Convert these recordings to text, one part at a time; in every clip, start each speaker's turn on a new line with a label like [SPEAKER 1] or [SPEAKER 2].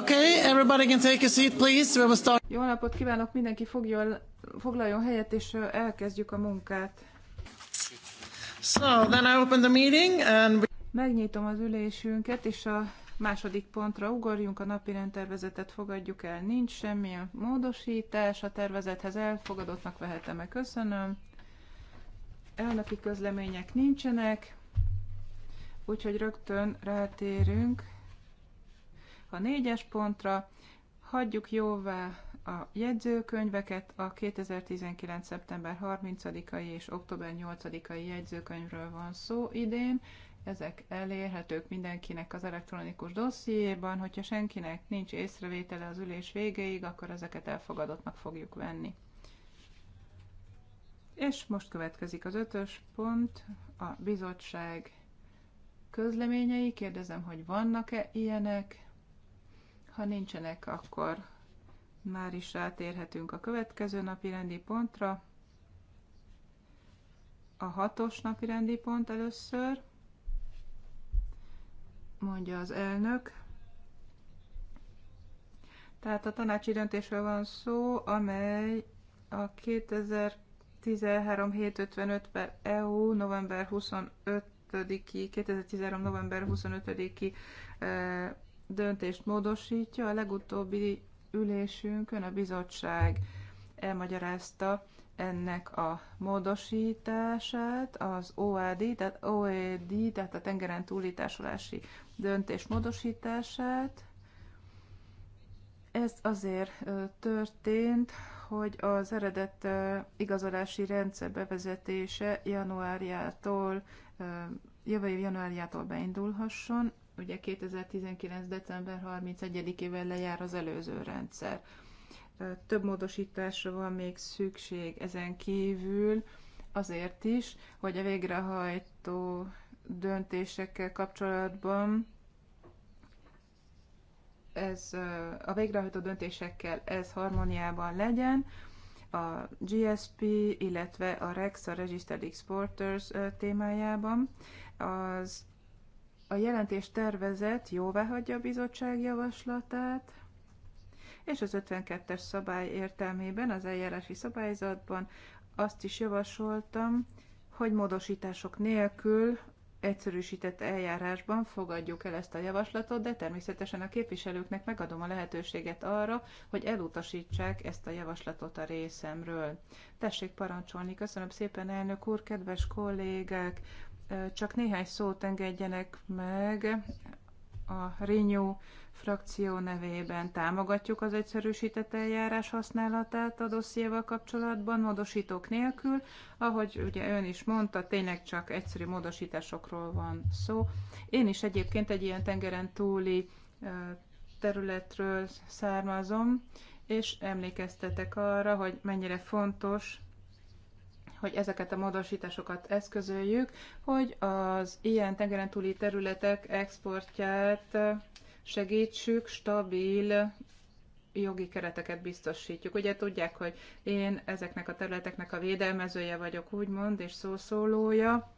[SPEAKER 1] Okay, everybody can take a seat, please. We will start. Jó napot kívánok, mindenki fogjon, foglaljon helyet, és elkezdjük a munkát. So, then I open the meeting and... Megnyitom az ülésünket, és a második pontra ugorjunk, a napi rendtervezetet fogadjuk el. Nincs a módosítás, a tervezethez elfogadottnak vehetem meg Köszönöm. Elnapi közlemények nincsenek, úgyhogy rögtön rátérünk a négyes pontra hagyjuk jóvá a jegyzőkönyveket a 2019. szeptember 30-ai és október 8-ai jegyzőkönyvről van szó idén. Ezek elérhetők mindenkinek az elektronikus dossziéban, hogyha senkinek nincs észrevétele az ülés végéig, akkor ezeket elfogadottnak fogjuk venni. És most következik az ötös pont, a bizottság közleményei. Kérdezem, hogy vannak-e ilyenek? Ha nincsenek, akkor már is rátérhetünk a következő napi rendi pontra. A hatos napi rendi pont először, mondja az elnök. Tehát a tanácsi döntésről van szó, amely a 2013 755 per EU november 25 2013. november 25-i döntést módosítja. A legutóbbi ülésünkön a bizottság elmagyarázta ennek a módosítását, az OAD, tehát OED, tehát a tengeren túlításolási döntés módosítását. Ez azért történt, hogy az eredet igazolási rendszer bevezetése januárjától, jövő év januárjától beindulhasson ugye 2019. december 31-ével lejár az előző rendszer. Több módosításra van még szükség ezen kívül, azért is, hogy a végrehajtó döntésekkel kapcsolatban ez a végrehajtó döntésekkel ez harmóniában legyen, a GSP, illetve a REX, a Registered Exporters témájában. Az a jelentés tervezet jóváhagyja a bizottság javaslatát, és az 52-es szabály értelmében az eljárási szabályzatban azt is javasoltam, hogy módosítások nélkül egyszerűsített eljárásban fogadjuk el ezt a javaslatot, de természetesen a képviselőknek megadom a lehetőséget arra, hogy elutasítsák ezt a javaslatot a részemről. Tessék parancsolni, köszönöm szépen elnök úr, kedves kollégák! Csak néhány szót engedjenek meg a Renew frakció nevében. Támogatjuk az egyszerűsített eljárás használatát a dossziéval kapcsolatban, módosítók nélkül. Ahogy ugye ön is mondta, tényleg csak egyszerű módosításokról van szó. Én is egyébként egy ilyen tengeren túli területről származom, és emlékeztetek arra, hogy mennyire fontos hogy ezeket a módosításokat eszközöljük, hogy az ilyen tengeren túli területek exportját segítsük, stabil jogi kereteket biztosítjuk. Ugye tudják, hogy én ezeknek a területeknek a védelmezője vagyok, úgymond, és szószólója,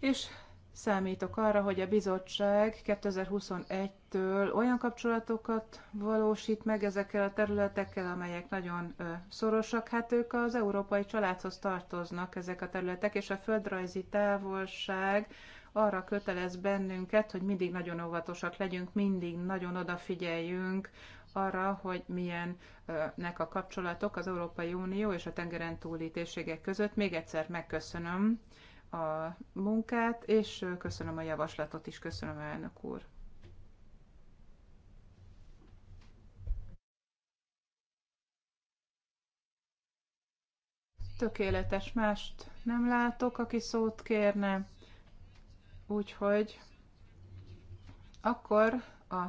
[SPEAKER 1] és számítok arra, hogy a bizottság 2021 ezektől olyan kapcsolatokat valósít meg ezekkel a területekkel, amelyek nagyon szorosak. Hát ők az európai családhoz tartoznak ezek a területek, és a földrajzi távolság arra kötelez bennünket, hogy mindig nagyon óvatosak legyünk, mindig nagyon odafigyeljünk arra, hogy milyennek a kapcsolatok az Európai Unió és a tengeren túli térségek között. Még egyszer megköszönöm a munkát, és köszönöm a javaslatot is, köszönöm elnök úr. Tökéletes, mást nem látok, aki szót kérne. Úgyhogy akkor a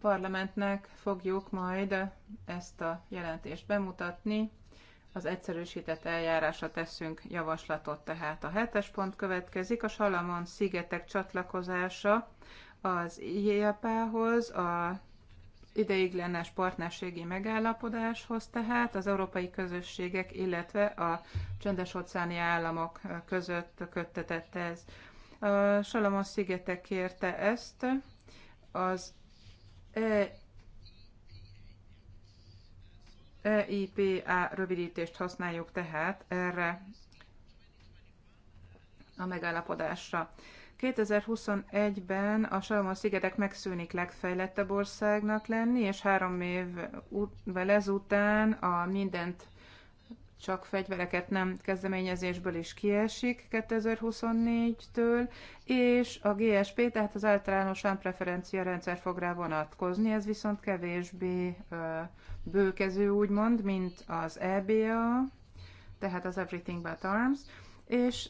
[SPEAKER 1] parlamentnek fogjuk majd ezt a jelentést bemutatni. Az egyszerűsített eljárásra teszünk javaslatot, tehát a hetes pont következik, a Salamon szigetek csatlakozása az iep hoz a ideiglenes partnerségi megállapodáshoz tehát az európai közösségek, illetve a csendes-óceáni államok között köttetett ez. A Salamon szigetek kérte ezt, az e EIPA rövidítést használjuk tehát erre a megállapodásra. 2021-ben a Salomon-szigetek megszűnik legfejlettebb országnak lenni, és három évvel ezután a mindent csak fegyvereket nem kezdeményezésből is kiesik 2024-től, és a GSP, tehát az általános preferencia rendszer fog rá vonatkozni, ez viszont kevésbé bőkező úgymond, mint az EBA, tehát az Everything But Arms, és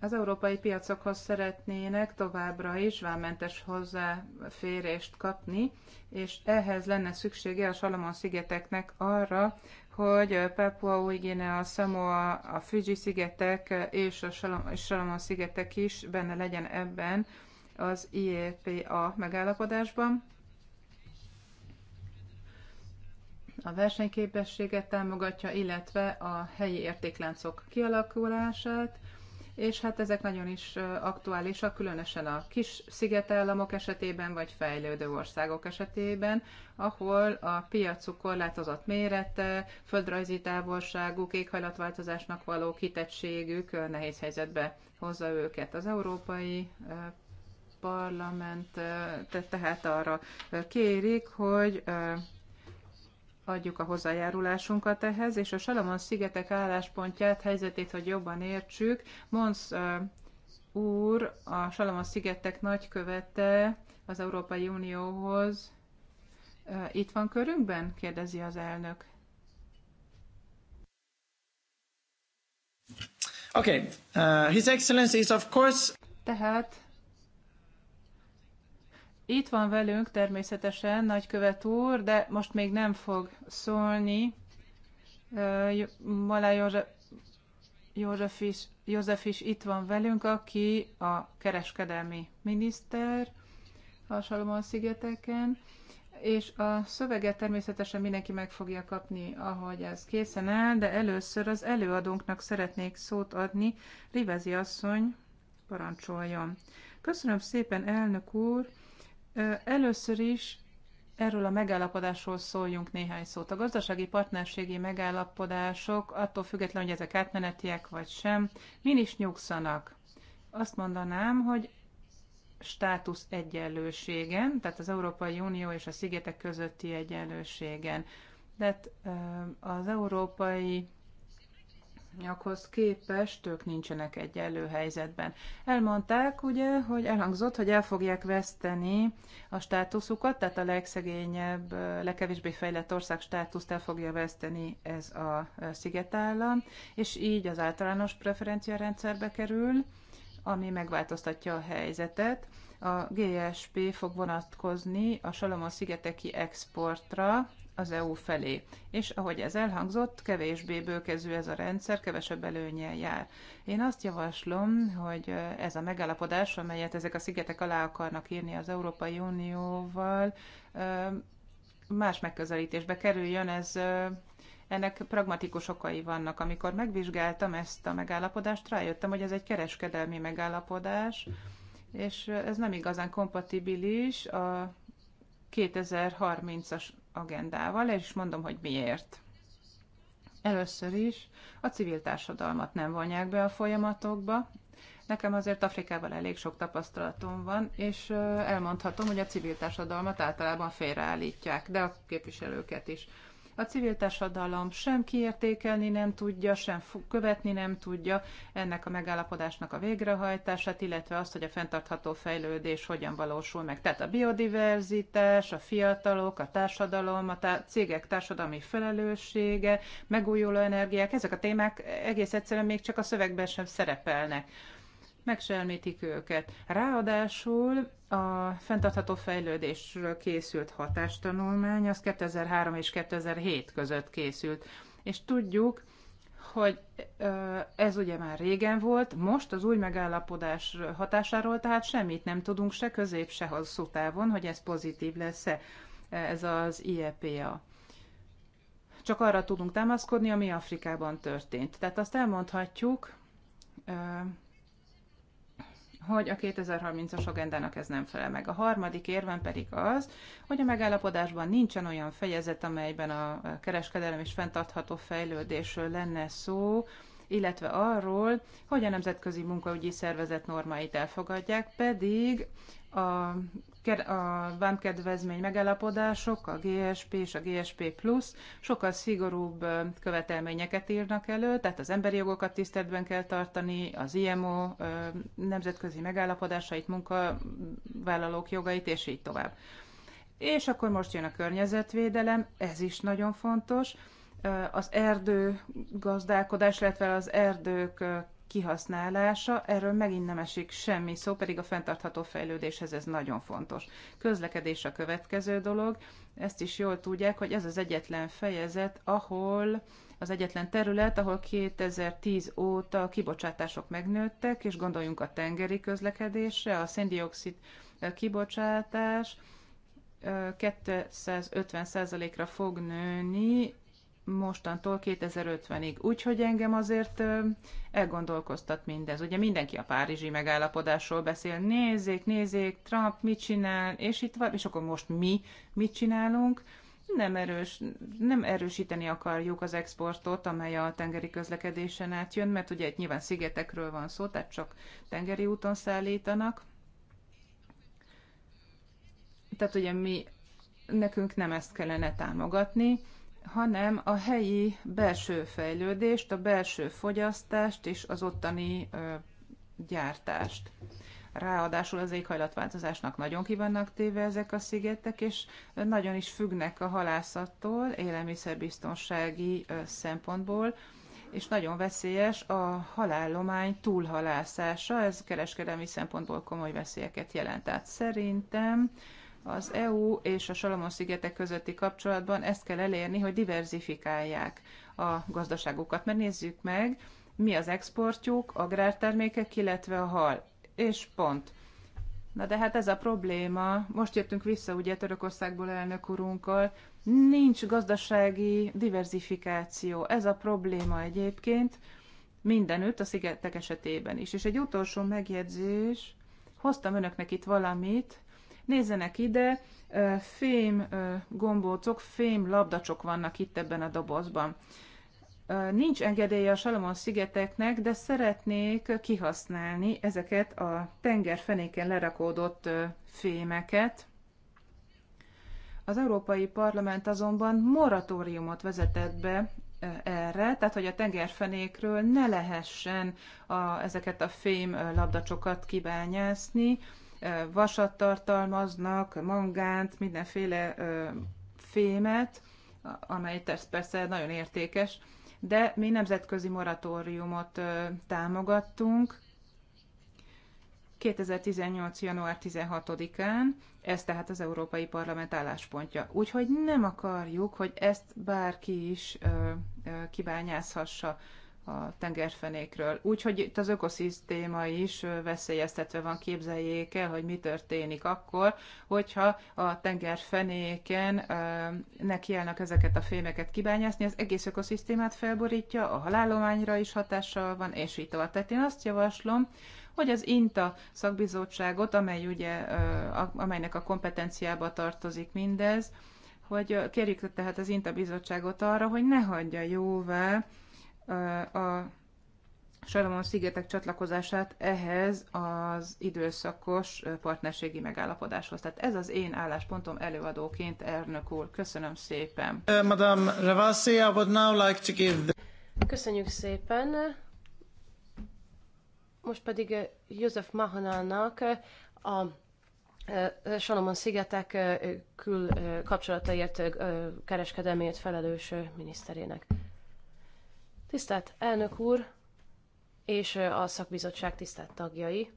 [SPEAKER 1] az európai piacokhoz szeretnének továbbra is vámmentes hozzáférést kapni, és ehhez lenne szüksége a Salamon-szigeteknek arra, hogy Papua új a Samoa, a Fügyi-szigetek és a Salamon-szigetek is benne legyen ebben az IEPA megállapodásban. a versenyképességet támogatja, illetve a helyi értékláncok kialakulását, és hát ezek nagyon is aktuálisak, különösen a kis szigetállamok esetében, vagy fejlődő országok esetében, ahol a piacuk korlátozott mérete, földrajzi távolságuk, éghajlatváltozásnak való kitettségük nehéz helyzetbe hozza őket. Az európai parlament tehát arra kérik, hogy adjuk a hozzájárulásunkat ehhez, és a Salamon szigetek álláspontját, helyzetét, hogy jobban értsük, Monsz úr, a Salamon szigetek nagykövete az Európai Unióhoz itt van körünkben? kérdezi az elnök. Okay, uh, His Excellency is of course... Tehát itt van velünk természetesen nagykövet úr, de most még nem fog szólni. Malá József, József, is, József is itt van velünk, aki a kereskedelmi miniszter a Salomon-szigeteken, és a szöveget természetesen mindenki meg fogja kapni, ahogy ez készen áll, de először az előadónknak szeretnék szót adni. Rivezi asszony, parancsoljon. Köszönöm szépen, elnök úr! Először is erről a megállapodásról szóljunk néhány szót. A gazdasági partnerségi megállapodások, attól függetlenül, hogy ezek átmenetiek vagy sem, min is nyugszanak? Azt mondanám, hogy státusz egyenlőségen, tehát az Európai Unió és a szigetek közötti egyenlőségen. de az Európai nyakhoz képest ők nincsenek egyenlő helyzetben. Elmondták, ugye, hogy elhangzott, hogy el fogják veszteni a státuszukat, tehát a legszegényebb, legkevésbé fejlett ország státuszt el fogja veszteni ez a e, szigetállam, és így az általános preferencia rendszerbe kerül, ami megváltoztatja a helyzetet. A GSP fog vonatkozni a Salomon szigeteki exportra, az EU felé. És ahogy ez elhangzott, kevésbé bőkezű ez a rendszer, kevesebb előnyel jár. Én azt javaslom, hogy ez a megállapodás, amelyet ezek a szigetek alá akarnak írni az Európai Unióval, más megközelítésbe kerüljön, ez ennek pragmatikus okai vannak. Amikor megvizsgáltam ezt a megállapodást, rájöttem, hogy ez egy kereskedelmi megállapodás, és ez nem igazán kompatibilis a 2030-as agendával, és mondom, hogy miért. Először is a civil társadalmat nem vonják be a folyamatokba. Nekem azért Afrikával elég sok tapasztalatom van, és elmondhatom, hogy a civil társadalmat általában félreállítják, de a képviselőket is. A civil társadalom sem kiértékelni nem tudja, sem követni nem tudja ennek a megállapodásnak a végrehajtását, illetve azt, hogy a fenntartható fejlődés hogyan valósul meg. Tehát a biodiverzitás, a fiatalok, a társadalom, a tá- cégek társadalmi felelőssége, megújuló energiák, ezek a témák egész egyszerűen még csak a szövegben sem szerepelnek megselmítik őket. Ráadásul a fenntartható fejlődésről készült hatástanulmány, az 2003 és 2007 között készült, és tudjuk, hogy ez ugye már régen volt, most az új megállapodás hatásáról, tehát semmit nem tudunk se közép, se hosszú távon, hogy ez pozitív lesz-e ez az IEPA. Csak arra tudunk támaszkodni, ami Afrikában történt. Tehát azt elmondhatjuk, hogy a 2030-as agendának ez nem felel meg. A harmadik érvem pedig az, hogy a megállapodásban nincsen olyan fejezet, amelyben a kereskedelem és fenntartható fejlődésről lenne szó, illetve arról, hogy a Nemzetközi Munkaügyi Szervezet normáit elfogadják, pedig a a vámkedvezmény megállapodások, a GSP és a GSP Plus sokkal szigorúbb követelményeket írnak elő, tehát az emberi jogokat tiszteletben kell tartani, az IMO nemzetközi megállapodásait, munkavállalók jogait, és így tovább. És akkor most jön a környezetvédelem, ez is nagyon fontos. Az erdő gazdálkodás, illetve az erdők kihasználása, erről megint nem esik semmi szó, pedig a fenntartható fejlődéshez ez nagyon fontos. Közlekedés a következő dolog, ezt is jól tudják, hogy ez az egyetlen fejezet, ahol az egyetlen terület, ahol 2010 óta a kibocsátások megnőttek, és gondoljunk a tengeri közlekedésre, a széndiokszid eh, kibocsátás 250%-ra eh, fog nőni mostantól 2050-ig. Úgyhogy engem azért elgondolkoztat mindez. Ugye mindenki a párizsi megállapodásról beszél, nézzék, nézzék, Trump mit csinál, és itt van, és akkor most mi mit csinálunk? Nem, erős, nem erősíteni akarjuk az exportot, amely a tengeri közlekedésen átjön, mert ugye itt nyilván szigetekről van szó, tehát csak tengeri úton szállítanak. Tehát ugye mi, nekünk nem ezt kellene támogatni, hanem a helyi belső fejlődést, a belső fogyasztást és az ottani ö, gyártást. Ráadásul az éghajlatváltozásnak nagyon kivannak téve ezek a szigetek, és nagyon is függnek a halászattól, élelmiszerbiztonsági szempontból, és nagyon veszélyes a halállomány túlhalászása, ez kereskedelmi szempontból komoly veszélyeket jelent. Tehát szerintem az EU és a Salamon-szigetek közötti kapcsolatban ezt kell elérni, hogy diverzifikálják a gazdaságukat. Mert nézzük meg, mi az exportjuk, agrártermékek, illetve a hal. És pont. Na de hát ez a probléma. Most jöttünk vissza ugye Törökországból elnök urunkkal. Nincs gazdasági diversifikáció. Ez a probléma egyébként mindenütt a szigetek esetében is. És egy utolsó megjegyzés. Hoztam önöknek itt valamit, Nézzenek ide, fém gombócok, fém labdacsok vannak itt ebben a dobozban. Nincs engedélye a Salomon szigeteknek de szeretnék kihasználni ezeket a tengerfenéken lerakódott fémeket. Az Európai Parlament azonban moratóriumot vezetett be erre, tehát hogy a tengerfenékről ne lehessen a, ezeket a fém labdacsokat kibányászni, vasat tartalmaznak, mangánt, mindenféle fémet, amely persze nagyon értékes, de mi nemzetközi moratóriumot támogattunk 2018. január 16-án, ez tehát az Európai Parlament álláspontja. Úgyhogy nem akarjuk, hogy ezt bárki is kibányázhassa a tengerfenékről. Úgyhogy itt az ökoszisztéma is veszélyeztetve van, képzeljék el, hogy mi történik akkor, hogyha a tengerfenéken nekiállnak ezeket a fémeket kibányászni, az egész ökoszisztémát felborítja, a halálományra is hatással van, és így tovább. Tehát én azt javaslom, hogy az INTA szakbizottságot, amely ugye, amelynek a kompetenciába tartozik mindez, hogy kérjük tehát az INTA bizottságot arra, hogy ne hagyja jóvá, a Salomon szigetek csatlakozását ehhez az időszakos partnerségi megállapodáshoz. Tehát ez az én álláspontom előadóként, Ernök úr. Köszönöm szépen. Uh, Madame Ravasi, I would now like to give Köszönjük
[SPEAKER 2] szépen. Most pedig József Mahanának a uh, Salomon-szigetek uh, kül kapcsolataiért, kereskedelmét felelős miniszterének. Tisztelt elnök úr és a szakbizottság tisztelt tagjai!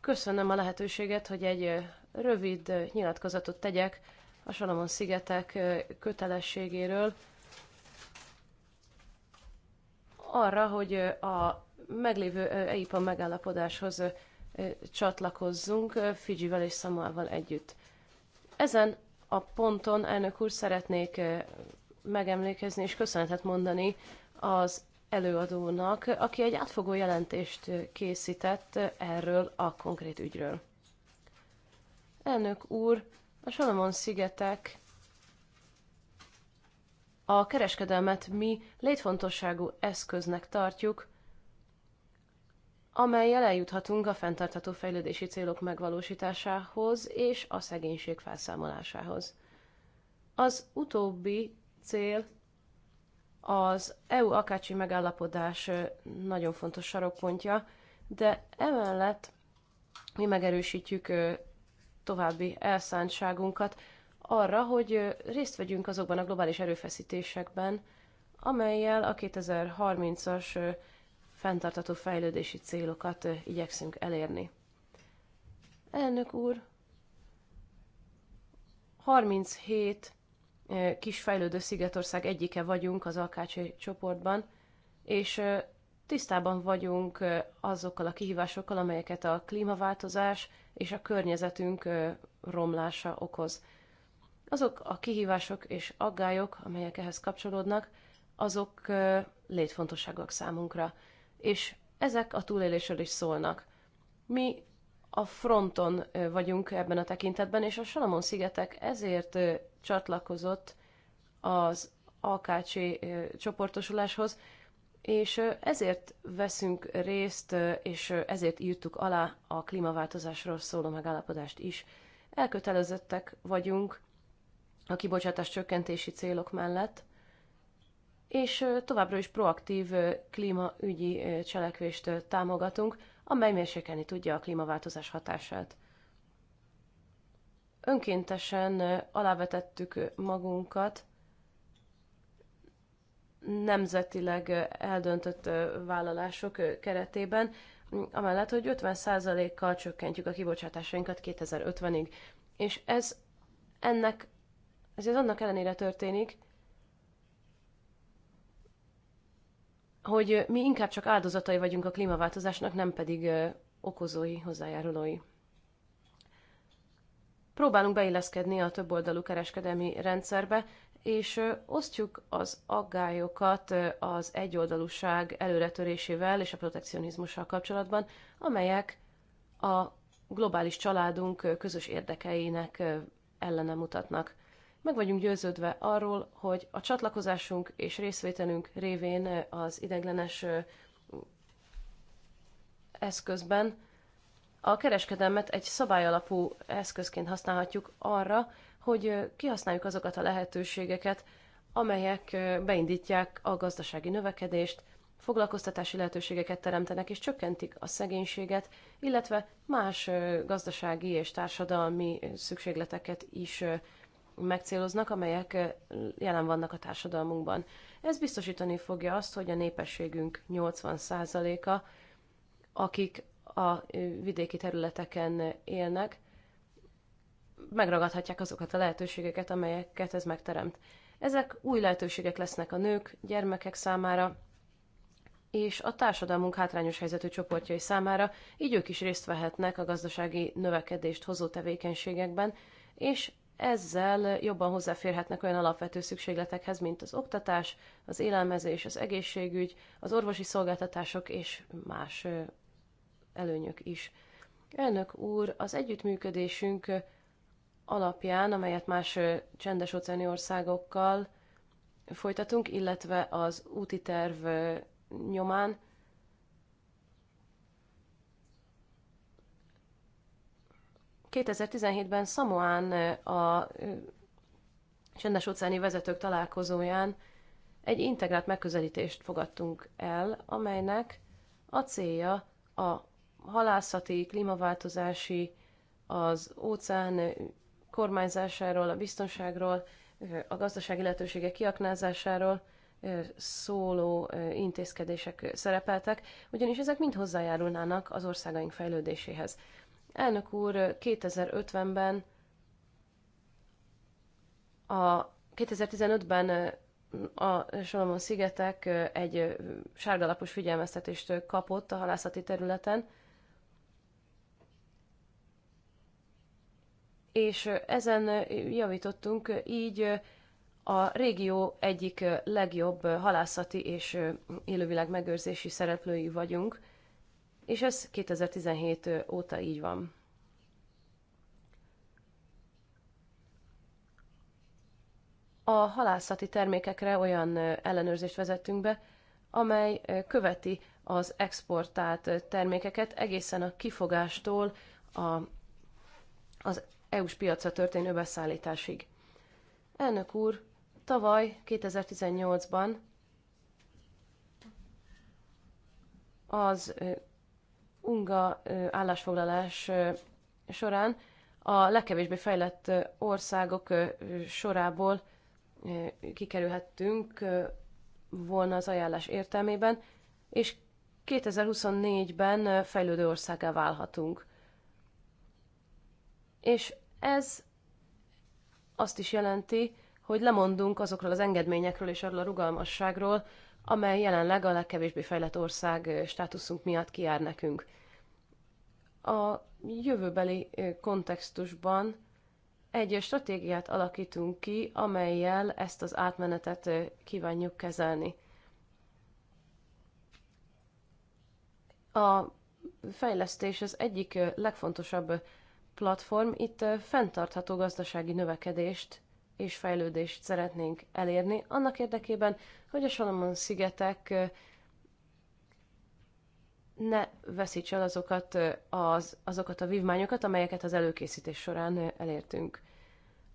[SPEAKER 2] Köszönöm a lehetőséget, hogy egy rövid nyilatkozatot tegyek a Salamon-szigetek kötelességéről arra, hogy a meglévő EIPA megállapodáshoz csatlakozzunk Fidzsivel és Szamoával együtt. Ezen a ponton, elnök úr, szeretnék megemlékezni és köszönetet mondani az előadónak, aki egy átfogó jelentést készített erről a konkrét ügyről. Elnök úr, a salomon szigetek a kereskedelmet mi létfontosságú eszköznek tartjuk amelyel eljuthatunk a fenntartható fejlődési célok megvalósításához és a szegénység felszámolásához. Az utóbbi cél az EU-akácsi megállapodás nagyon fontos sarokpontja, de emellett mi megerősítjük további elszántságunkat arra, hogy részt vegyünk azokban a globális erőfeszítésekben, amelyel a 2030-as fenntartató fejlődési célokat igyekszünk elérni. Elnök úr, 37 kis fejlődő szigetország egyike vagyunk az Alkácsi csoportban, és tisztában vagyunk azokkal a kihívásokkal, amelyeket a klímaváltozás és a környezetünk romlása okoz. Azok a kihívások és aggályok, amelyek ehhez kapcsolódnak, azok létfontosságok számunkra és ezek a túlélésről is szólnak. Mi a fronton vagyunk ebben a tekintetben, és a Salamon-szigetek ezért csatlakozott az AKC csoportosuláshoz, és ezért veszünk részt, és ezért írtuk alá a klímaváltozásról szóló megállapodást is. Elkötelezettek vagyunk a kibocsátás csökkentési célok mellett, és továbbra is proaktív klímaügyi cselekvést támogatunk, amely mérsékelni tudja a klímaváltozás hatását. Önkéntesen alávetettük magunkat nemzetileg eldöntött vállalások keretében, amellett, hogy 50%-kal csökkentjük a kibocsátásainkat 2050-ig. És ez ennek, ez annak ellenére történik, hogy mi inkább csak áldozatai vagyunk a klímaváltozásnak, nem pedig okozói, hozzájárulói. Próbálunk beilleszkedni a többoldalú kereskedelmi rendszerbe, és osztjuk az aggályokat az egyoldalúság előretörésével és a protekcionizmussal kapcsolatban, amelyek a globális családunk közös érdekeinek ellene mutatnak. Meg vagyunk győződve arról, hogy a csatlakozásunk és részvételünk révén eh, az ideglenes eh, eszközben a kereskedelmet egy szabályalapú eszközként használhatjuk arra, hogy eh, kihasználjuk azokat a lehetőségeket, amelyek beindítják a gazdasági növekedést, foglalkoztatási lehetőségeket teremtenek és csökkentik a szegénységet, illetve más gazdasági és társadalmi szükségleteket is megcéloznak, amelyek jelen vannak a társadalmunkban. Ez biztosítani fogja azt, hogy a népességünk 80%-a, akik a vidéki területeken élnek, megragadhatják azokat a lehetőségeket, amelyeket ez megteremt. Ezek új lehetőségek lesznek a nők, gyermekek számára, és a társadalmunk hátrányos helyzetű csoportjai számára, így ők is részt vehetnek a gazdasági növekedést hozó tevékenységekben, és ezzel jobban hozzáférhetnek olyan alapvető szükségletekhez, mint az oktatás, az élelmezés, az egészségügy, az orvosi szolgáltatások és más előnyök is. Elnök úr, az együttműködésünk alapján, amelyet más csendes óceáni országokkal folytatunk, illetve az úti terv nyomán 2017-ben Szamoán a csendes óceáni vezetők találkozóján egy integrált megközelítést fogadtunk el, amelynek a célja a halászati, klímaváltozási, az óceán kormányzásáról, a biztonságról, a gazdasági lehetőségek kiaknázásáról szóló intézkedések szerepeltek, ugyanis ezek mind hozzájárulnának az országaink fejlődéséhez. Elnök úr, 2050-ben a 2015-ben a Solomon szigetek egy sárgalapos figyelmeztetést kapott a halászati területen, és ezen javítottunk, így a régió egyik legjobb halászati és élővilág megőrzési szereplői vagyunk – és ez 2017 óta így van. A halászati termékekre olyan ellenőrzést vezettünk be, amely követi az exportált termékeket egészen a kifogástól a, az EU-s piacra történő beszállításig. Elnök úr, tavaly 2018-ban az unga állásfoglalás során a legkevésbé fejlett országok sorából kikerülhettünk volna az ajánlás értelmében, és 2024-ben fejlődő országá válhatunk. És ez azt is jelenti, hogy lemondunk azokról az engedményekről és arról a rugalmasságról, amely jelenleg a legkevésbé fejlett ország státuszunk miatt kiár nekünk. A jövőbeli kontextusban egy stratégiát alakítunk ki, amelyel ezt az átmenetet kívánjuk kezelni. A fejlesztés az egyik legfontosabb platform, itt fenntartható gazdasági növekedést és fejlődést szeretnénk elérni, annak érdekében, hogy a Salomon szigetek ne veszíts el azokat, az, azokat a vívmányokat, amelyeket az előkészítés során elértünk.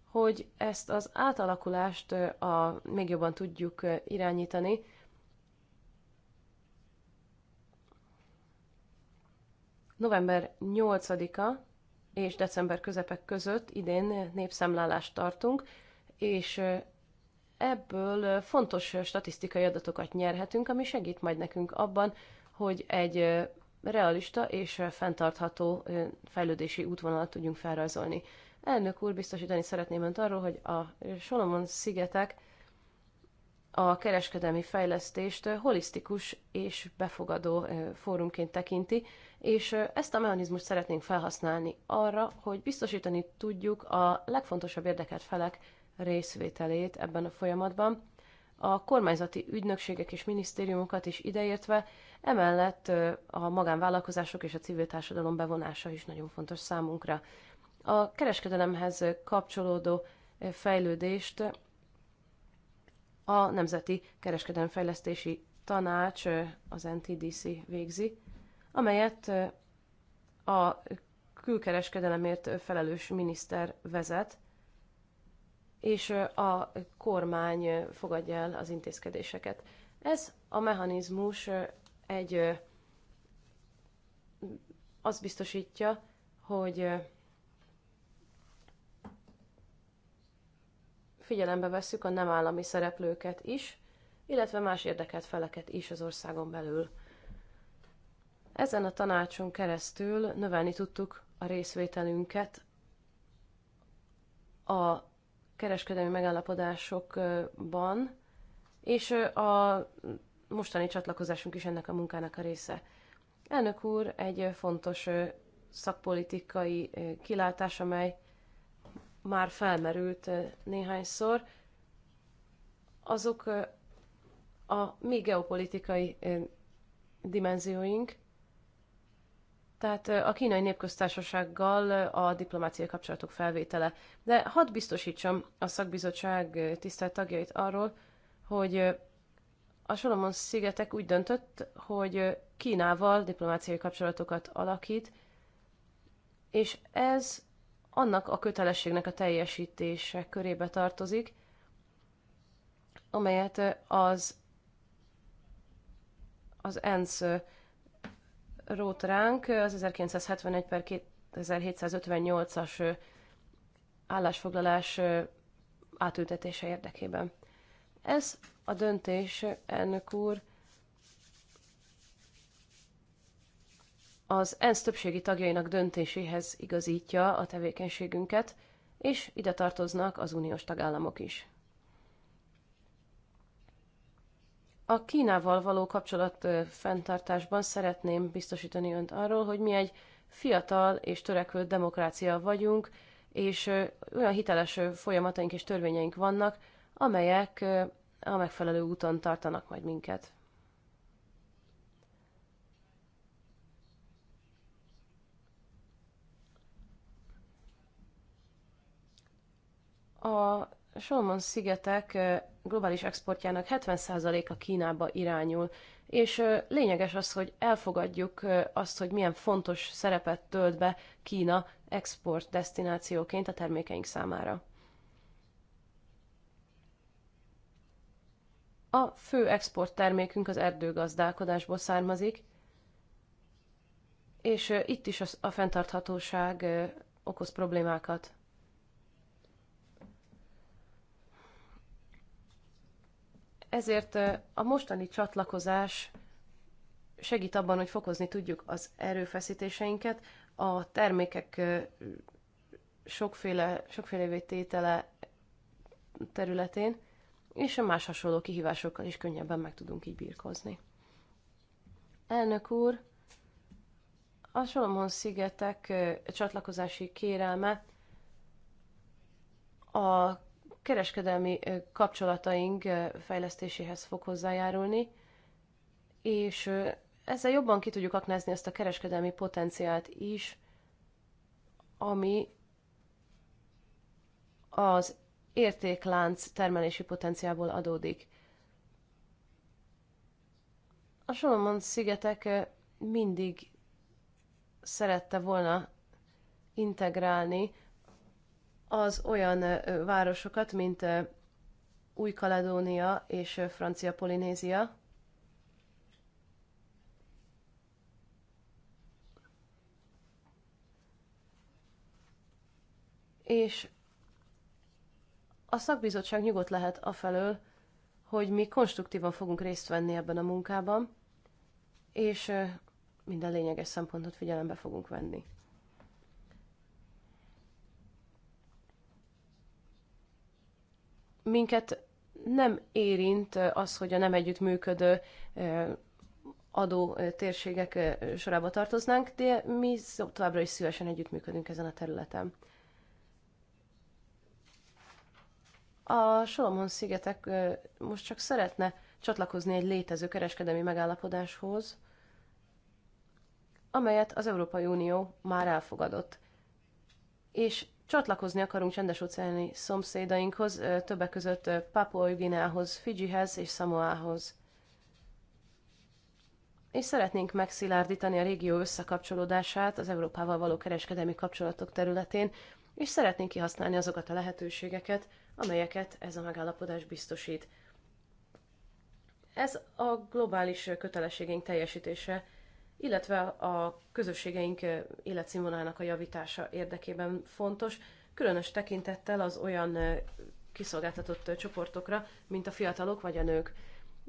[SPEAKER 2] Hogy ezt az átalakulást a, még jobban tudjuk irányítani, november 8-a és december közepek között idén népszámlálást tartunk, és ebből fontos statisztikai adatokat nyerhetünk, ami segít majd nekünk abban, hogy egy realista és fenntartható fejlődési útvonalat tudjunk felrajzolni. Elnök úr, biztosítani szeretném önt arról, hogy a Solomon szigetek a kereskedelmi fejlesztést holisztikus és befogadó fórumként tekinti, és ezt a mechanizmust szeretnénk felhasználni arra, hogy biztosítani tudjuk a legfontosabb érdekelt felek részvételét ebben a folyamatban, a kormányzati ügynökségek és minisztériumokat is ideértve, emellett a magánvállalkozások és a civil társadalom bevonása is nagyon fontos számunkra. A kereskedelemhez kapcsolódó fejlődést a Nemzeti Kereskedelemfejlesztési Tanács, az NTDC végzi, amelyet a külkereskedelemért felelős miniszter vezet, és a kormány fogadja el az intézkedéseket. Ez a mechanizmus egy az biztosítja, hogy figyelembe vesszük a nem állami szereplőket is, illetve más érdekelt feleket is az országon belül. Ezen a tanácson keresztül növelni tudtuk a részvételünket a kereskedelmi megállapodásokban, és a mostani csatlakozásunk is ennek a munkának a része. Elnök úr egy fontos szakpolitikai kilátás, amely már felmerült néhányszor, azok a mi geopolitikai dimenzióink, tehát a kínai népköztársasággal a diplomáciai kapcsolatok felvétele. De hadd biztosítsam a szakbizottság tisztelt tagjait arról, hogy a Solomon szigetek úgy döntött, hogy Kínával diplomáciai kapcsolatokat alakít, és ez annak a kötelességnek a teljesítése körébe tartozik, amelyet az az ENSZ rót ránk az 1971 per 2758-as állásfoglalás átültetése érdekében. Ez a döntés, elnök úr, az ENSZ többségi tagjainak döntéséhez igazítja a tevékenységünket, és ide tartoznak az uniós tagállamok is. A Kínával való kapcsolat fenntartásban szeretném biztosítani önt arról, hogy mi egy fiatal és törekvő demokrácia vagyunk, és olyan hiteles folyamataink és törvényeink vannak, amelyek a megfelelő úton tartanak majd minket. A a Solomon szigetek globális exportjának 70%-a Kínába irányul, és lényeges az, hogy elfogadjuk azt, hogy milyen fontos szerepet tölt be Kína export destinációként a termékeink számára. A fő termékünk az erdőgazdálkodásból származik, és itt is a fenntarthatóság okoz problémákat. Ezért a mostani csatlakozás segít abban, hogy fokozni tudjuk az erőfeszítéseinket, a termékek sokféle, sokféle tétele területén, és a más hasonló kihívásokkal is könnyebben meg tudunk így birkozni. Elnök úr, a Solomon szigetek csatlakozási kérelme a kereskedelmi kapcsolataink fejlesztéséhez fog hozzájárulni, és ezzel jobban ki tudjuk aknázni ezt a kereskedelmi potenciált is, ami az értéklánc termelési potenciából adódik. A Solomon szigetek mindig szerette volna integrálni az olyan városokat, mint Új-Kaledónia és Francia Polinézia, és a szakbizottság nyugodt lehet afelől, hogy mi konstruktívan fogunk részt venni ebben a munkában, és minden lényeges szempontot figyelembe fogunk venni. minket nem érint az, hogy a nem együttműködő adó térségek sorába tartoznánk, de mi továbbra is szívesen együttműködünk ezen a területen. A Solomon-szigetek most csak szeretne csatlakozni egy létező kereskedelmi megállapodáshoz, amelyet az Európai Unió már elfogadott. És Csatlakozni akarunk csendes óceáni szomszédainkhoz, többek között Papua Gineához, Fidzsihez és Samoához. És szeretnénk megszilárdítani a régió összekapcsolódását az Európával való kereskedelmi kapcsolatok területén, és szeretnénk kihasználni azokat a lehetőségeket, amelyeket ez a megállapodás biztosít. Ez a globális kötelességünk teljesítése illetve a közösségeink eh, életszínvonalának a javítása érdekében fontos, különös tekintettel az olyan eh, kiszolgáltatott eh, csoportokra, mint a fiatalok vagy a nők.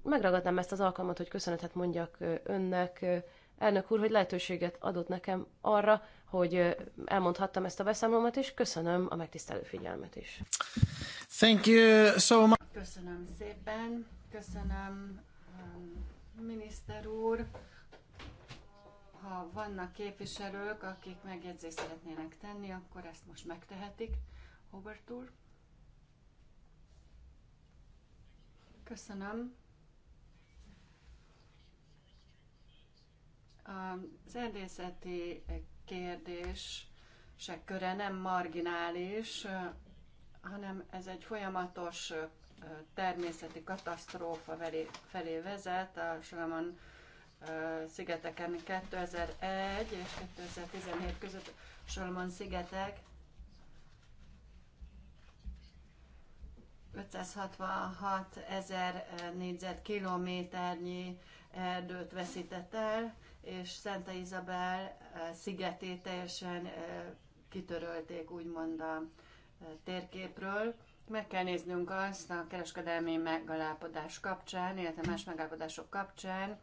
[SPEAKER 2] Megragadnám ezt az alkalmat, hogy köszönetet mondjak önnek, elnök úr, hogy lehetőséget adott nekem arra, hogy elmondhattam ezt a beszámolómat, és köszönöm a megtisztelő figyelmet is.
[SPEAKER 3] Thank you so much. Köszönöm szépen, köszönöm miniszter úr ha vannak képviselők, akik megjegyzést szeretnének tenni, akkor ezt most megtehetik. Hobart úr. Köszönöm. Az erdészeti se köre nem marginális, hanem ez egy folyamatos természeti katasztrófa felé vezet. A Salamon szigeteken 2001 és 2017 között Solomon szigetek 566 ezer eh, négyzetkilométernyi erdőt veszített el, és Szenta Izabel eh, szigetét teljesen eh, kitörölték úgymond a térképről. Meg kell néznünk azt a kereskedelmi megállapodás kapcsán, illetve más megállapodások kapcsán,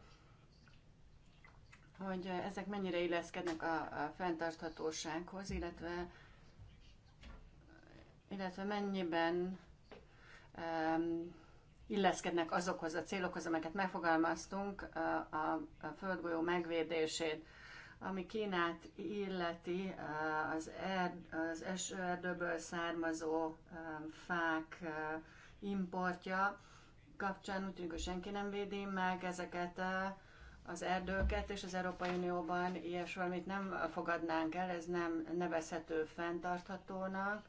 [SPEAKER 3] hogy ezek mennyire illeszkednek a, a fenntarthatósághoz, illetve, illetve mennyiben um, illeszkednek azokhoz a célokhoz, amelyeket megfogalmaztunk, a, a, a földgolyó megvédését, ami Kínát illeti, az, erd, az esőerdőből származó fák importja kapcsán úgy tűnik, hogy senki nem védi meg ezeket a az erdőket, és az Európai Unióban ilyes valamit nem fogadnánk el, ez nem nevezhető fenntarthatónak.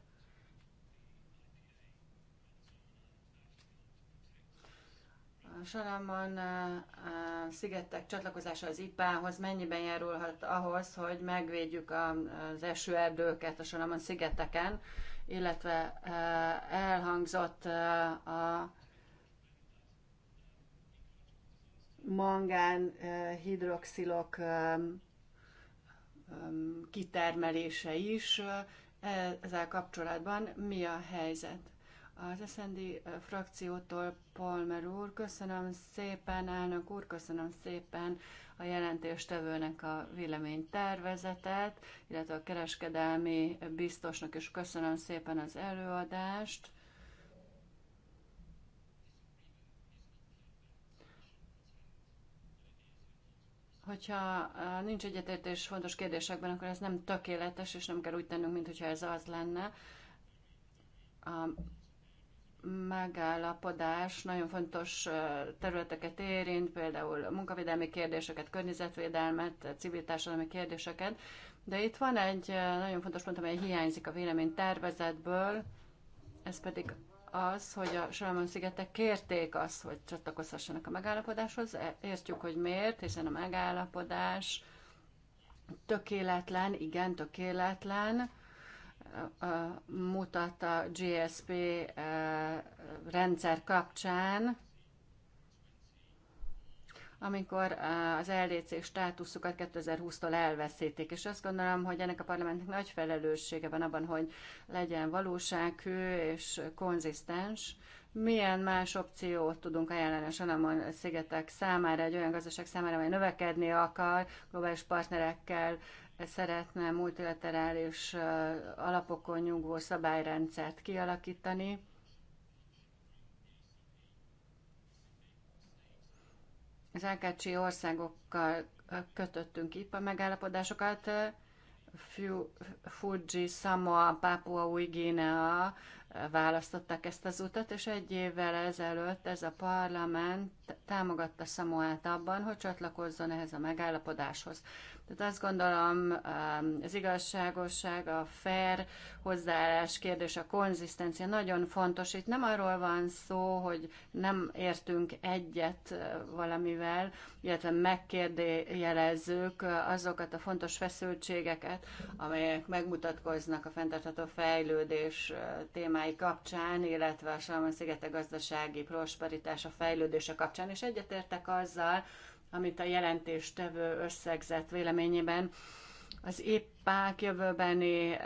[SPEAKER 3] A Salamon eh, eh, szigetek csatlakozása az IPA-hoz mennyiben járulhat ahhoz, hogy megvédjük az esőerdőket a Salamon szigeteken, illetve eh, elhangzott a mangán hidroxilok kitermelése is. Ezzel kapcsolatban mi a helyzet? Az SND frakciótól Palmer úr, köszönöm szépen, elnök úr, köszönöm szépen a jelentéstevőnek a véleménytervezetet, illetve a kereskedelmi biztosnak is köszönöm szépen az előadást. hogyha nincs egyetértés fontos kérdésekben, akkor ez nem tökéletes, és nem kell úgy tennünk, mintha ez az lenne. A megállapodás nagyon fontos területeket érint, például munkavédelmi kérdéseket, környezetvédelmet, civil társadalmi kérdéseket, de itt van egy nagyon fontos pont, amely hiányzik a vélemény tervezetből, ez pedig az, hogy a Salamon-szigetek kérték azt, hogy csatlakozhassanak a megállapodáshoz. E, értjük, hogy miért, hiszen a megállapodás tökéletlen, igen, tökéletlen, mutat a GSP rendszer kapcsán, amikor az LDC státuszukat 2020-tól elveszítik. És azt gondolom, hogy ennek a parlamentnek nagy felelőssége van abban, hogy legyen valósághű és konzisztens, milyen más opciót tudunk ajánlani a Salamon szigetek számára, egy olyan gazdaság számára, amely növekedni akar, globális partnerekkel szeretne multilaterális alapokon nyugvó szabályrendszert kialakítani, az AKC országokkal kötöttünk IPA megállapodásokat, Fuji, Samoa, Papua, új Guinea választották ezt az utat, és egy évvel ezelőtt ez a parlament támogatta Samoát abban, hogy csatlakozzon ehhez a megállapodáshoz. Tehát azt gondolom, um, az igazságosság, a fair hozzáállás kérdés, a konzisztencia nagyon fontos. Itt nem arról van szó, hogy nem értünk egyet uh, valamivel, illetve megkérdőjelezzük uh, azokat a fontos feszültségeket, amelyek megmutatkoznak a fenntartható fejlődés uh, témái kapcsán, illetve a salmon szigete gazdasági prosperitása fejlődése kapcsán kapcsán, és egyetértek azzal, amit a jelentéstevő összegzett véleményében az éppák jövőbeni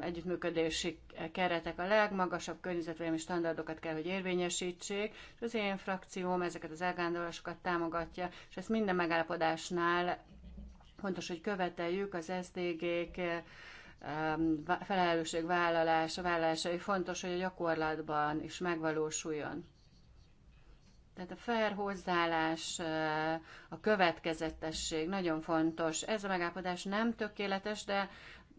[SPEAKER 3] együttműködési keretek a legmagasabb környezetvédelmi standardokat kell, hogy érvényesítsék, és az én frakcióm ezeket az elgándolásokat támogatja, és ezt minden megállapodásnál fontos, hogy követeljük az SZDG-k felelősségvállalása, vállalásai fontos, hogy a gyakorlatban is megvalósuljon. Tehát a fair hozzáállás, a következetesség nagyon fontos. Ez a megállapodás nem tökéletes, de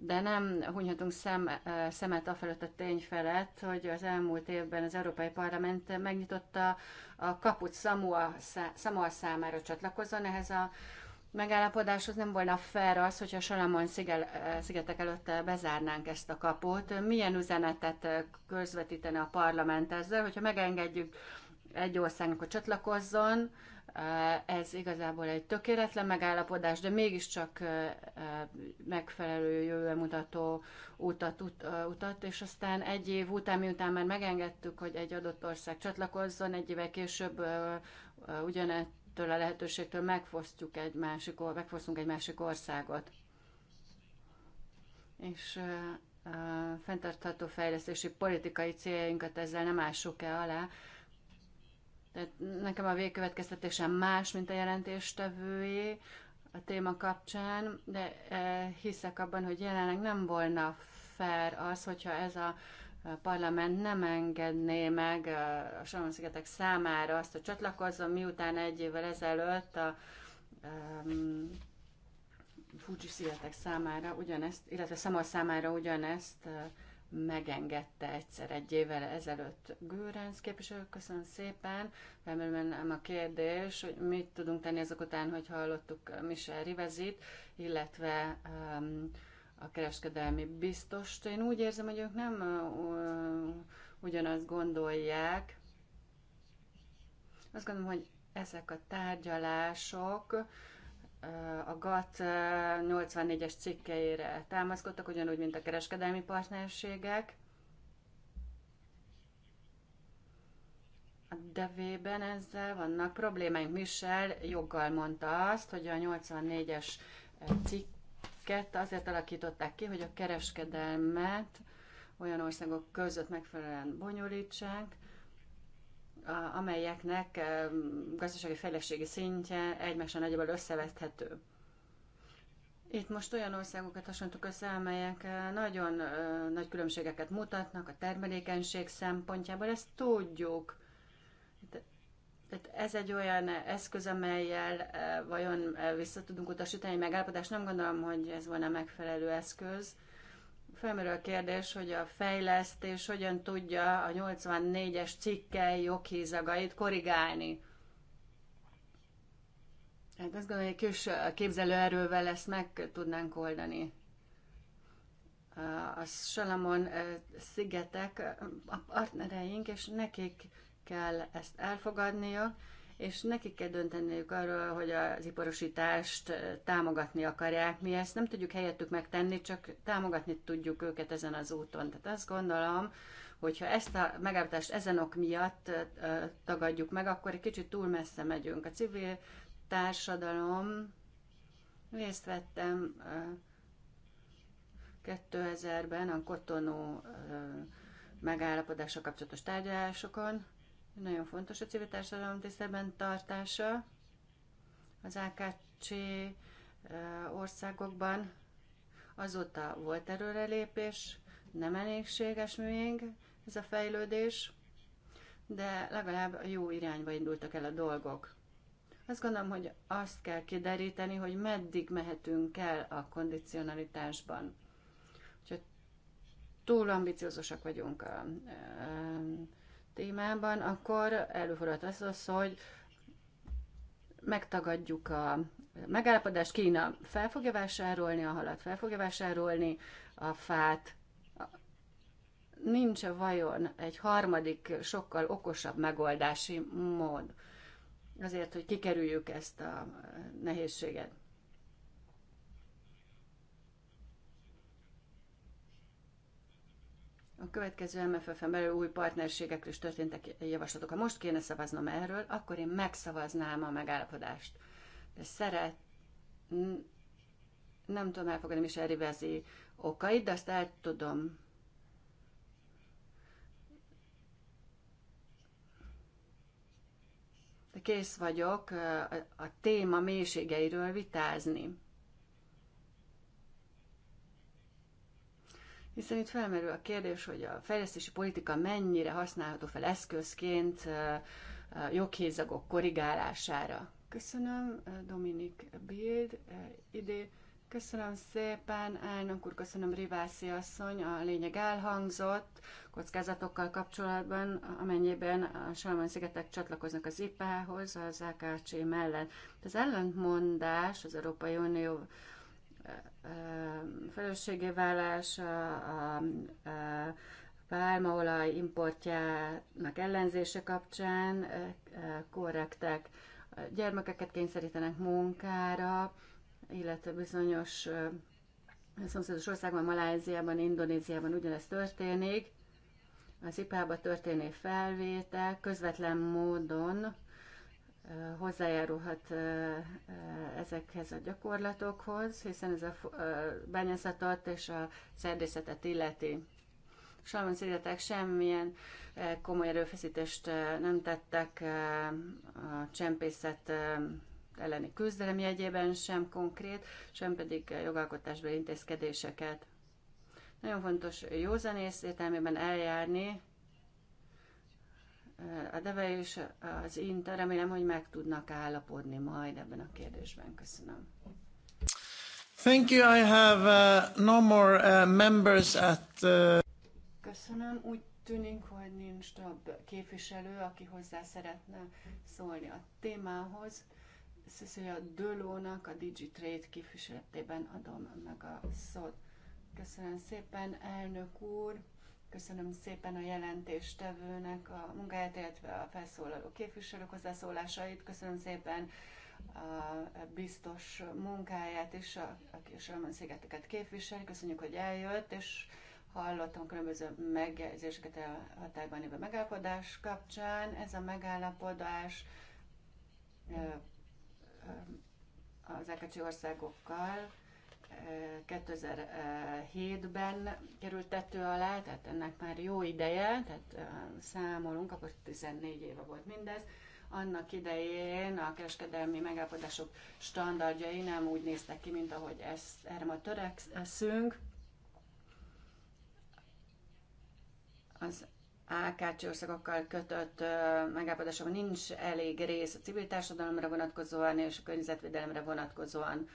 [SPEAKER 3] de nem hunyhatunk szem, szemet afelőtt a tény felett, hogy az elmúlt évben az Európai Parlament megnyitotta a kaput Samoa, Samoa számára csatlakozzon ehhez a megállapodáshoz. Nem volna fair az, hogyha Salamon szigetek előtt bezárnánk ezt a kaput. Milyen üzenetet közvetítene a parlament ezzel, hogyha megengedjük egy országnak, hogy csatlakozzon. Eh, ez igazából egy tökéletlen megállapodás, de mégiscsak eh, eh, megfelelő jövőmutató utat, ut, utat, és aztán egy év után, miután már megengedtük, hogy egy adott ország csatlakozzon, egy évvel később ugyanettől a lehetőségtől megfosztjuk egy másik, megfosztunk egy másik országot. És a fenntartható fejlesztési politikai céljainkat ezzel nem ássuk-e alá, tehát nekem a végkövetkeztetésem más, mint a jelentéstevőjé a téma kapcsán, de e, hiszek abban, hogy jelenleg nem volna fair az, hogyha ez a parlament nem engedné meg e, a Salomon-szigetek számára azt, hogy csatlakozzon, miután egy évvel ezelőtt a um, Fuji-szigetek számára ugyanezt, illetve Szamor számára ugyanezt uh, megengedte egyszer egy évvel ezelőtt Gőrenc képviselő. Köszönöm szépen. Felmerül a kérdés, hogy mit tudunk tenni azok után, hogy hallottuk Michel Rivezit, illetve um, a kereskedelmi biztost. Én úgy érzem, hogy ők nem uh, uh ugyanazt gondolják. Azt gondolom, hogy ezek a tárgyalások a GATT 84-es cikkeire támaszkodtak, ugyanúgy, mint a kereskedelmi partnerségek. A devében ezzel vannak problémáink. Michel joggal mondta azt, hogy a 84-es cikket azért alakították ki, hogy a kereskedelmet olyan országok között megfelelően bonyolítsák, amelyeknek gazdasági fejlettségi szintje egymással nagyjából összevethető. Itt most olyan országokat hasonlítok össze, amelyek nagyon nagy különbségeket mutatnak a termelékenység szempontjából, ezt tudjuk. Tehát ez egy olyan eszköz, amelyel vajon vissza tudunk utasítani egy megállapodást. Nem gondolom, hogy ez volna megfelelő eszköz. Felmerül a kérdés, hogy a fejlesztés hogyan tudja a 84-es cikkel joghízagait korrigálni. Hát azt gondolom, hogy kis képzelőerővel ezt meg tudnánk oldani. A Salamon szigetek a partnereink, és nekik kell ezt elfogadnia, és nekik kell dönteniük arról, hogy az iparosítást támogatni akarják. Mi ezt nem tudjuk helyettük megtenni, csak támogatni tudjuk őket ezen az úton. Tehát azt gondolom, hogyha ezt a megállapítást ezen ok miatt tagadjuk meg, akkor egy kicsit túl messze megyünk. A civil társadalom részt vettem 2000-ben a Kotonó megállapodásra kapcsolatos tárgyalásokon, nagyon fontos a civil társadalom tiszteletben tartása az AKC országokban. Azóta volt erőrelépés, nem elégséges még ez a fejlődés, de legalább jó irányba indultak el a dolgok. Azt gondolom, hogy azt kell kideríteni, hogy meddig mehetünk el a kondicionalitásban. Hogyha túl ambiciózusak vagyunk a témában, akkor előfordult, az, az hogy megtagadjuk a megállapodást, Kína fel fogja vásárolni a halat, fel fogja vásárolni a fát, nincs -e vajon egy harmadik, sokkal okosabb megoldási mód azért, hogy kikerüljük ezt a nehézséget? A következő MFF-en belül új partnerségekről is történtek javaslatok. Ha most kéne szavaznom erről, akkor én megszavaznám a megállapodást. De szeret, nem tudom elfogadni is Rivezi okait, de azt el tudom de kész vagyok a téma mélységeiről vitázni. Hiszen itt felmerül a kérdés, hogy a fejlesztési politika mennyire használható fel eszközként joghézagok korrigálására. Köszönöm, Dominik Bild idé. Köszönöm szépen, elnök úr, köszönöm Rivászi asszony, a lényeg elhangzott kockázatokkal kapcsolatban, amennyiben a Salman szigetek csatlakoznak az IPA-hoz, az AKC mellett. Az ellentmondás az Európai Unió felelősségévállás, a, a, a pálmaolaj importjának ellenzése kapcsán korrektek. Gyermekeket kényszerítenek munkára, illetve bizonyos szomszédos országban, Maláziában, Indonéziában ugyanez történik. Az IPA-ba történő felvétel közvetlen módon hozzájárulhat ezekhez a gyakorlatokhoz, hiszen ez a bányászatot és a szerdészetet illeti. Salmon szigetek semmilyen komoly erőfeszítést nem tettek a csempészet elleni küzdelem jegyében sem konkrét, sem pedig jogalkotásbeli intézkedéseket. Nagyon fontos józanész értelmében eljárni, a DEVE és az Inter, Remélem, hogy meg tudnak állapodni majd ebben a kérdésben. Köszönöm.
[SPEAKER 1] Thank you. I have uh, no more uh,
[SPEAKER 3] members at. Uh... Köszönöm. Úgy tűnik, hogy nincs több képviselő, aki hozzá szeretne szólni a témához. Cecilia Dölónak a Digitrade képviseletében adom meg a szót. Köszönöm szépen, elnök úr! Köszönöm szépen a jelentéstevőnek a munkáját, illetve a felszólaló képviselők hozzászólásait. Köszönöm szépen a biztos munkáját is, a, aki a Sörmön szigeteket képvisel. Köszönjük, hogy eljött, és hallottam különböző megjegyzéseket a hatályban lévő megállapodás kapcsán. Ez a megállapodás az elkecsi országokkal 2007-ben került tető alá, tehát ennek már jó ideje, tehát számolunk, akkor 14 éve volt mindez. Annak idején a kereskedelmi megállapodások standardjai nem úgy néztek ki, mint ahogy ezt, erre ma törekszünk. Az AKC országokkal kötött megállapodásokban nincs elég rész a civil társadalomra vonatkozóan és a környezetvédelemre vonatkozóan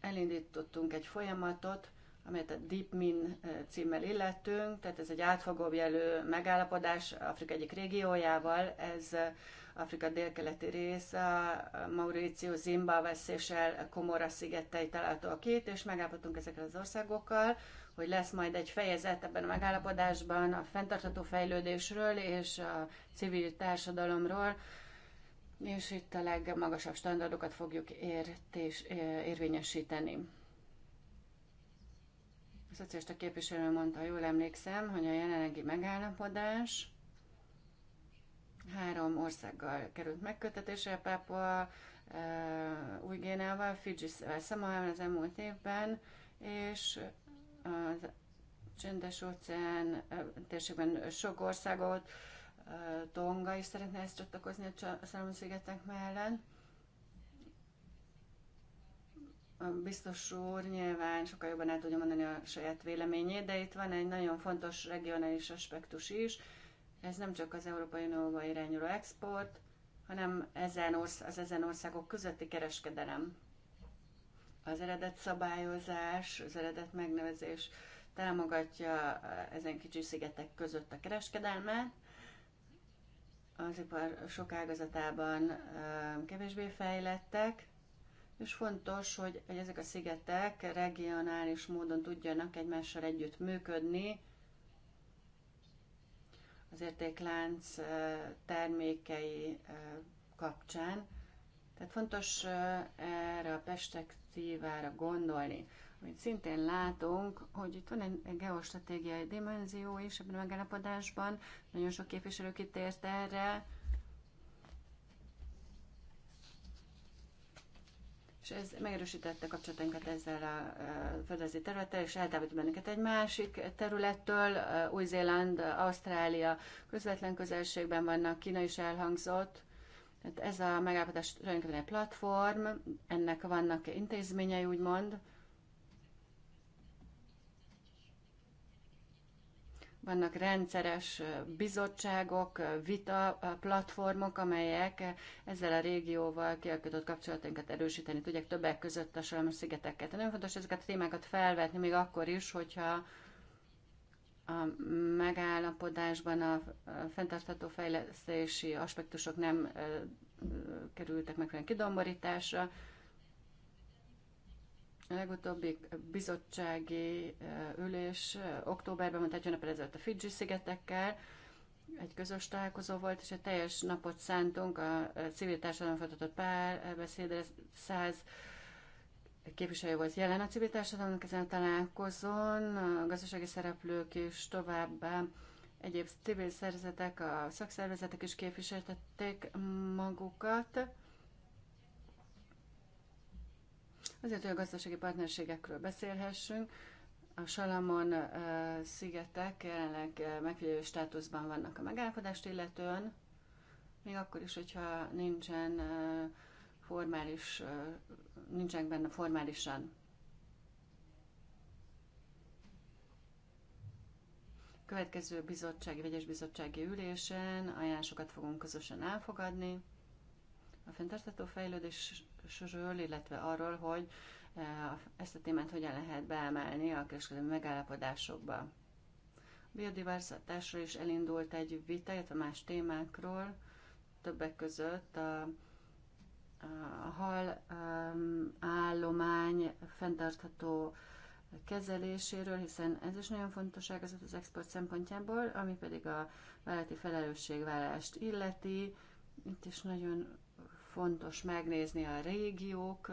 [SPEAKER 3] elindítottunk egy folyamatot, amelyet a DeepMin eh, címmel illettünk, tehát ez egy átfogóbb jelő megállapodás Afrika egyik régiójával, ez eh, Afrika délkeleti része, eh, Mauricio, Zimbabwe, Szésel, Komora szigetei található két, és megállapodtunk ezekkel az országokkal, hogy lesz majd egy fejezet ebben a megállapodásban a fenntartható fejlődésről és a civil társadalomról, és itt a legmagasabb standardokat fogjuk értés, érvényesíteni. A szociálista képviselő mondta, jól emlékszem, hogy a jelenlegi megállapodás három országgal került megkötetésre, Pápua, e, új Génával, Fidzsivel, Szamoával az elmúlt évben, és a csendes óceán e, térségben sok országot, Tonga is szeretne ezt csatlakozni a Salomon-szigetek mellett. biztos úr nyilván sokkal jobban el tudja mondani a saját véleményét, de itt van egy nagyon fontos regionális aspektus is. Ez nem csak az Európai Unióba irányuló export, hanem ezen orsz- az ezen országok közötti kereskedelem. Az eredet szabályozás, az eredet megnevezés támogatja ezen kicsi szigetek között a kereskedelmet, az ipar sok ágazatában kevésbé fejlettek, és fontos, hogy, hogy ezek a szigetek regionális módon tudjanak egymással együtt működni, az értéklánc termékei kapcsán. Tehát fontos erre a perspektívára gondolni amit szintén látunk, hogy itt van egy geostratégiai dimenzió is ebben a megállapodásban, nagyon sok képviselő kitért erre, és ez megerősítette kapcsolatunkat ezzel a földrajzi területtel, és eltávolít bennünket egy másik területtől, Új-Zéland, Ausztrália közvetlen közelségben vannak, Kína is elhangzott, tehát ez a megállapodás tulajdonképpen egy platform, ennek vannak intézményei, úgymond, Vannak rendszeres bizottságok, vita platformok, amelyek ezzel a régióval kialakított kapcsolatainkat erősíteni tudják többek között a Salamos szigetekkel. Nagyon fontos ezeket a témákat felvetni, még akkor is, hogyha a megállapodásban a fenntartható fejlesztési aspektusok nem kerültek megfelelően kidomborításra, a legutóbbi bizottsági eh, ülés eh, októberben, tehát egy hónap ezelőtt a Fidzsi szigetekkel, egy közös találkozó volt, és egy teljes napot szántunk a eh, civil társadalom folytatott párbeszédre, száz képviselő volt jelen a civil társadalomnak ezen a találkozón, a gazdasági szereplők is továbbá egyéb civil szervezetek, a szakszervezetek is képviseltették magukat. Azért, hogy a gazdasági partnerségekről beszélhessünk, a Salamon szigetek jelenleg megfigyelő státuszban vannak a megállapodást illetően, még akkor is, hogyha nincsen formális, nincsenek benne formálisan. Következő bizottsági, vegyes bizottsági ülésen ajánlásokat fogunk közösen elfogadni a fenntartható fejlődésről, illetve arról, hogy eh, ezt a témát hogyan lehet beemelni a kereskedelmi megállapodásokba. A biodiverzitásról is elindult egy vita, illetve más témákról, többek között a a hal um, állomány fenntartható kezeléséről, hiszen ez is nagyon fontos ágazat az export szempontjából, ami pedig a vállalati felelősségvállást illeti. Itt is nagyon fontos megnézni a régiók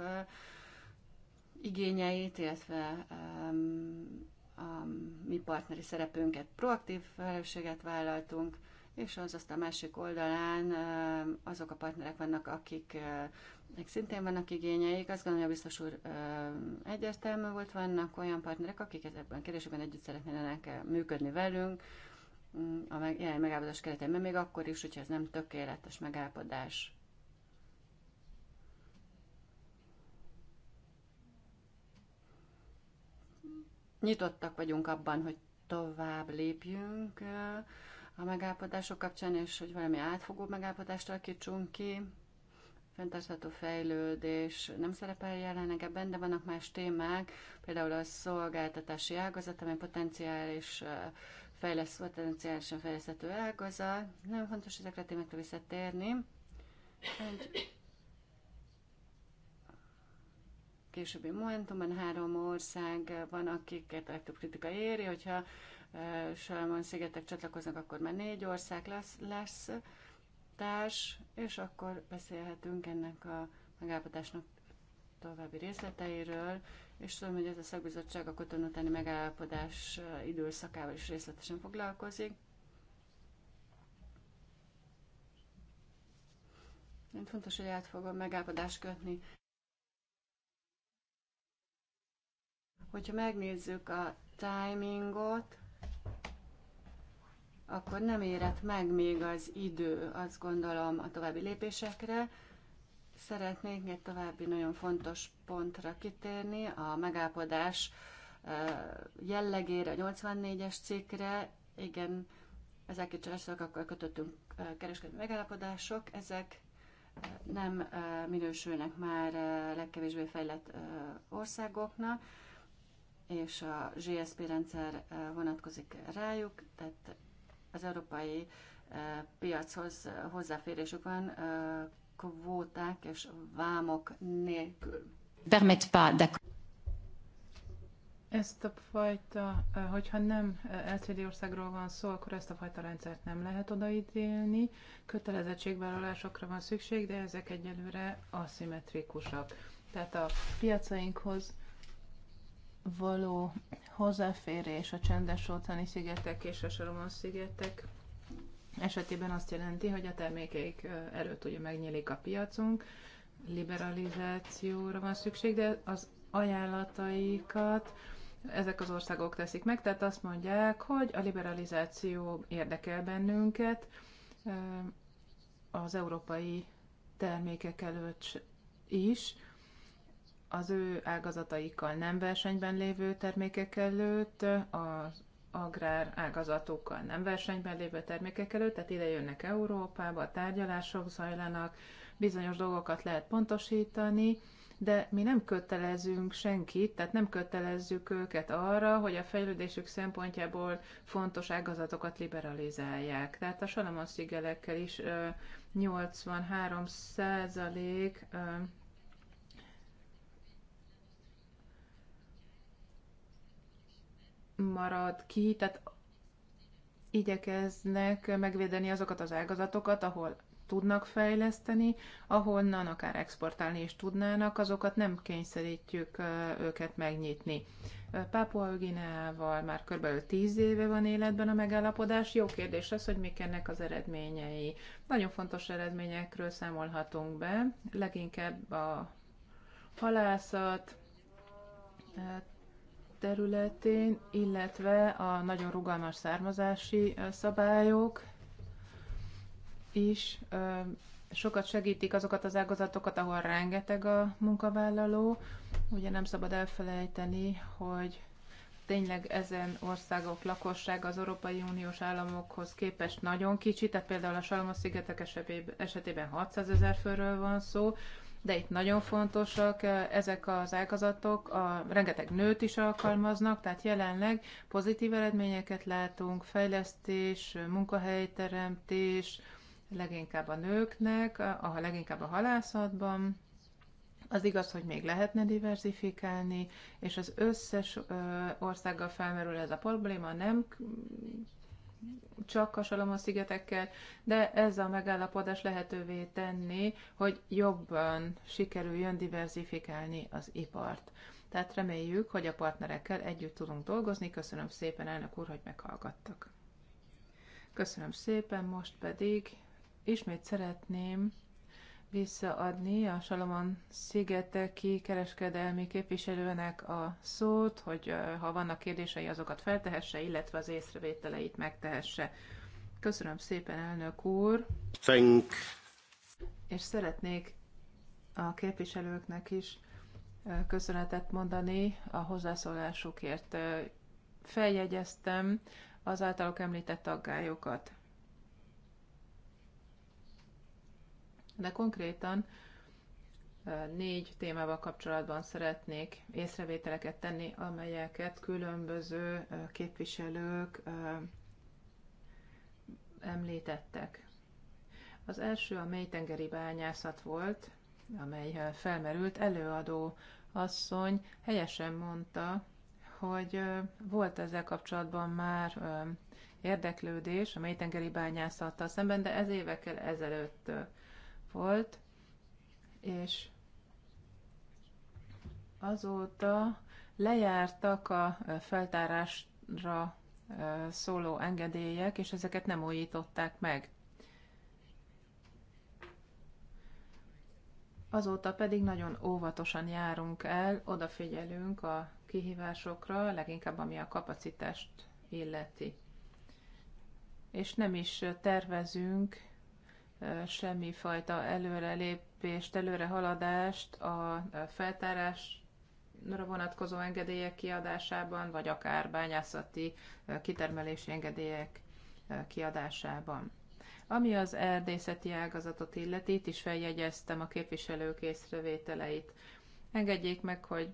[SPEAKER 3] igényeit, illetve a mi partneri szerepünket proaktív felelősséget vállaltunk, és az azt a másik oldalán azok a partnerek vannak, akik szintén vannak igényeik. Azt gondolom, hogy biztos úr egyértelmű volt, vannak olyan partnerek, akik ebben a kérdésben együtt szeretnének működni velünk, mm, a jelen megállapodás keretében, még akkor is, hogyha ez nem tökéletes megállapodás. Nyitottak vagyunk abban, hogy tovább lépjünk a megállapodások kapcsán, és hogy valami átfogó megállapodást alakítsunk ki. Fentartható fejlődés nem szerepel jelenleg ebben, de vannak más témák, például a szolgáltatási ágazat, amely potenciális fejlesz, potenciálisan fejleszthető ágazat. Nagyon fontos ezekre a témákra visszatérni. Egy későbbi momentumban három ország van, akiket a legtöbb kritika éri, hogyha Salmon szigetek csatlakoznak, akkor már négy ország lesz, lesz társ, és akkor beszélhetünk ennek a megállapodásnak további részleteiről, és tudom, hogy ez a szakbizottság a kotonutáni megállapodás időszakával is részletesen foglalkozik. Én fontos, hogy át fogom megállapodást kötni Hogyha megnézzük a timingot, akkor nem érett meg még az idő, azt gondolom, a további lépésekre. Szeretnék egy további nagyon fontos pontra kitérni, a megállapodás jellegére, a 84-es cikkre. Igen, ezek a akkor kötöttünk kereskedő megállapodások, ezek nem minősülnek már legkevésbé fejlett országoknak és a GSP rendszer eh, vonatkozik rájuk, tehát az európai eh, piachoz eh, hozzáférésük van kvóták és vámok nélkül. Permet pas ezt a
[SPEAKER 1] fajta, hogyha nem eltvédi országról van szó, akkor ezt a fajta rendszert nem lehet odaítélni. Kötelezettségvállalásokra van szükség, de ezek egyelőre aszimmetrikusak. Tehát a piacainkhoz való hozzáférés a csendes óceáni szigetek és a Salomon szigetek esetében azt jelenti, hogy a termékeik előtt ugye megnyílik a piacunk, liberalizációra van szükség, de az ajánlataikat ezek az országok teszik meg, tehát azt mondják, hogy a liberalizáció érdekel bennünket, az európai termékek előtt is, az ő ágazataikkal nem versenyben lévő termékek előtt, az agrár ágazatokkal nem versenyben lévő termékek előtt, tehát ide jönnek Európába, tárgyalások zajlanak, bizonyos dolgokat lehet pontosítani, de mi nem kötelezünk senkit, tehát nem kötelezzük őket arra, hogy a fejlődésük szempontjából fontos ágazatokat liberalizálják. Tehát a Salamon szigelekkel is 83 százalék marad ki, tehát igyekeznek megvédeni azokat az ágazatokat, ahol tudnak fejleszteni, ahonnan akár exportálni is tudnának, azokat nem kényszerítjük őket megnyitni. Pápua Ugineával már kb. 10 éve van életben a megállapodás. Jó kérdés az, hogy mik ennek az eredményei. Nagyon fontos eredményekről számolhatunk be, leginkább a halászat, területén, illetve a nagyon rugalmas származási szabályok is sokat segítik azokat az ágazatokat, ahol rengeteg a munkavállaló. Ugye nem szabad elfelejteni, hogy tényleg ezen országok lakosság az Európai Uniós államokhoz képest nagyon kicsi, tehát például a Salmos-szigetek esetében 600 ezer főről van szó, de itt nagyon fontosak ezek az ágazatok, a, rengeteg nőt is alkalmaznak, tehát jelenleg pozitív eredményeket látunk, fejlesztés, munkahelyteremtés, leginkább a nőknek, a, leginkább a halászatban. Az igaz, hogy még lehetne diversifikálni, és az összes ö, országgal felmerül ez a probléma, nem csak a Salomon szigetekkel, de ez a megállapodás lehetővé tenni, hogy jobban sikerüljön diversifikálni az ipart. Tehát reméljük, hogy a partnerekkel együtt tudunk dolgozni. Köszönöm szépen, elnök úr, hogy meghallgattak. Köszönöm szépen, most pedig ismét szeretném visszaadni a Salomon szigeteki kereskedelmi képviselőnek a szót, hogy ha vannak kérdései, azokat feltehesse, illetve az észrevételeit megtehesse. Köszönöm szépen, elnök úr! Thank. És szeretnék a képviselőknek is köszönetet mondani a hozzászólásukért. Feljegyeztem az általuk említett aggályokat. de konkrétan négy témával kapcsolatban szeretnék észrevételeket tenni, amelyeket különböző képviselők említettek. Az első a mélytengeri bányászat volt, amely felmerült előadó asszony helyesen mondta, hogy volt ezzel kapcsolatban már érdeklődés a mélytengeri bányászattal szemben, de ez évekkel ezelőtt volt, és azóta lejártak a feltárásra szóló engedélyek, és ezeket nem újították meg. Azóta pedig nagyon óvatosan járunk el, odafigyelünk a kihívásokra, leginkább ami a kapacitást illeti. És nem is tervezünk semmi fajta előrelépést, előrehaladást a feltárásra vonatkozó engedélyek kiadásában, vagy akár bányászati kitermelési engedélyek kiadásában. Ami az erdészeti ágazatot illeti, itt is feljegyeztem a képviselők észrevételeit. Engedjék meg, hogy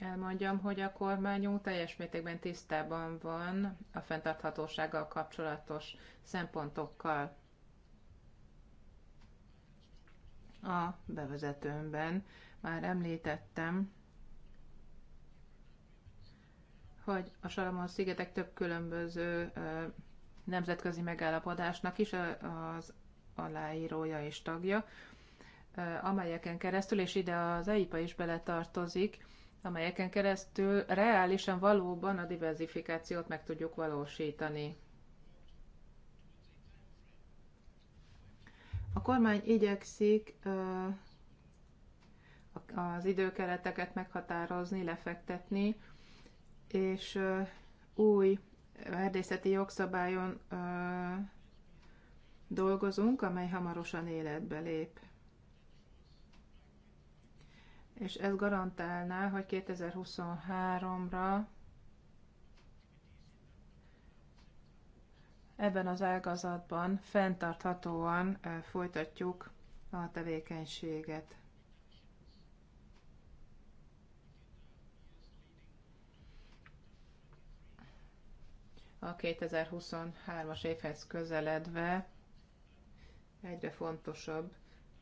[SPEAKER 1] elmondjam, hogy a kormányunk teljes mértékben tisztában van a fenntarthatósággal kapcsolatos szempontokkal. a bevezetőmben már említettem, hogy a Salamon-szigetek több különböző nemzetközi megállapodásnak is az aláírója és tagja, amelyeken keresztül, és ide az EIPA is beletartozik, amelyeken keresztül reálisan valóban a diversifikációt meg tudjuk valósítani. A kormány igyekszik az időkereteket meghatározni, lefektetni, és új erdészeti jogszabályon dolgozunk, amely hamarosan életbe lép. És ez garantálná, hogy 2023-ra ebben az ágazatban fenntarthatóan folytatjuk a tevékenységet. A 2023-as évhez közeledve egyre fontosabb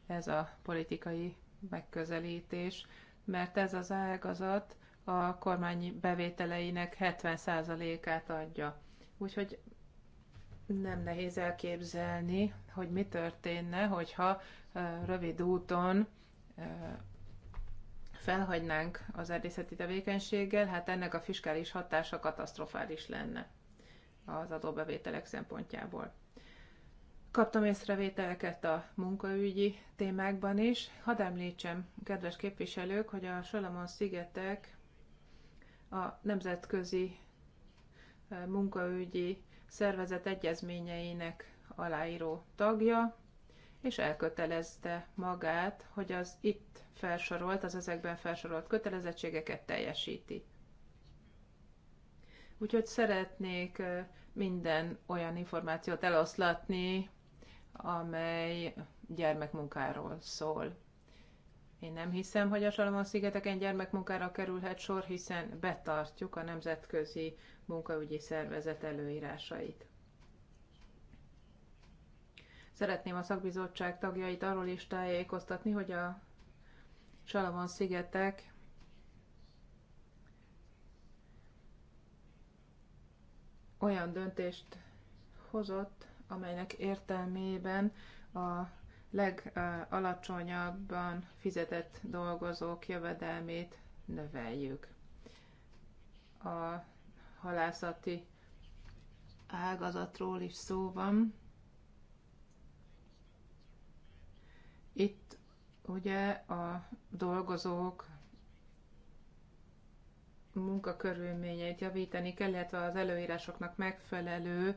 [SPEAKER 1] ez a politikai megközelítés, mert ez az ágazat a kormány bevételeinek 70%-át adja. Úgyhogy nem nehéz elképzelni, hogy mi történne, hogyha rövid úton felhagynánk az erdészeti tevékenységgel, hát ennek a fiskális hatása katasztrofális lenne az adóbevételek szempontjából. Kaptam észrevételeket a munkaügyi témákban is. Hadd említsem, kedves képviselők, hogy a Salamon-szigetek a nemzetközi munkaügyi szervezet egyezményeinek aláíró tagja, és elkötelezte magát, hogy az itt felsorolt, az ezekben felsorolt kötelezettségeket teljesíti. Úgyhogy szeretnék minden olyan információt eloszlatni, amely gyermekmunkáról szól. Én nem hiszem, hogy a Salamon-szigeteken gyermekmunkára kerülhet sor, hiszen betartjuk a nemzetközi munkaügyi szervezet előírásait. Szeretném a szakbizottság tagjait arról is tájékoztatni, hogy a Salamon-szigetek olyan döntést hozott, amelynek értelmében a legalacsonyabban fizetett dolgozók jövedelmét növeljük. A halászati ágazatról is szó van. Itt ugye a dolgozók munkakörülményeit javítani kell, illetve az előírásoknak megfelelő eh,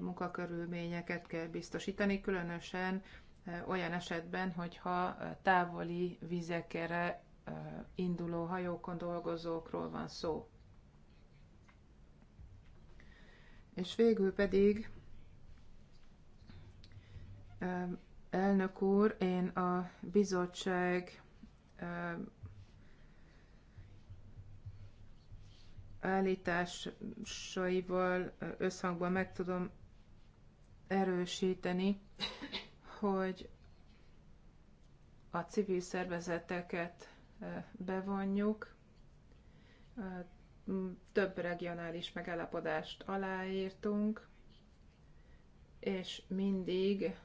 [SPEAKER 1] munkakörülményeket kell biztosítani, különösen olyan esetben, hogyha távoli vizekre induló hajókon dolgozókról van szó. És végül pedig, elnök úr, én a bizottság állításaival összhangban meg tudom erősíteni, hogy a civil szervezeteket bevonjuk, több regionális megállapodást aláírtunk, és mindig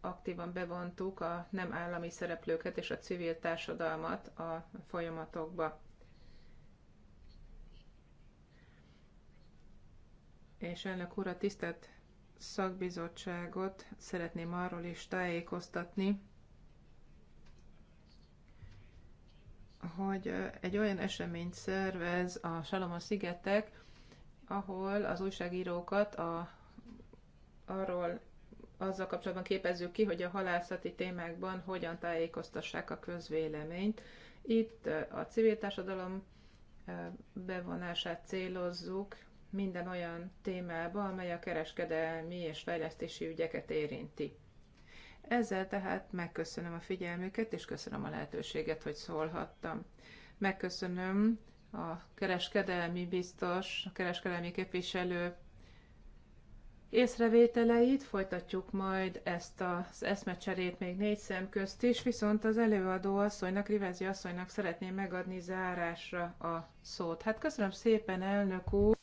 [SPEAKER 1] aktívan bevontuk a nem állami szereplőket és a civil társadalmat a folyamatokba. És elnök úr, a tisztelt szakbizottságot szeretném arról is tájékoztatni, hogy egy olyan eseményt szervez a Salomon szigetek, ahol az újságírókat a, arról azzal kapcsolatban képezzük ki, hogy a halászati témákban hogyan tájékoztassák a közvéleményt. Itt a civil társadalom bevonását célozzuk, minden olyan témába, amely a kereskedelmi és fejlesztési ügyeket érinti. Ezzel tehát megköszönöm a figyelmüket, és köszönöm a lehetőséget, hogy szólhattam. Megköszönöm a kereskedelmi biztos, a kereskedelmi képviselő észrevételeit, folytatjuk majd ezt az eszmecserét még négy szem közt is, viszont az előadó asszonynak, Rivezi asszonynak szeretném megadni zárásra a szót. Hát köszönöm szépen, elnök úr!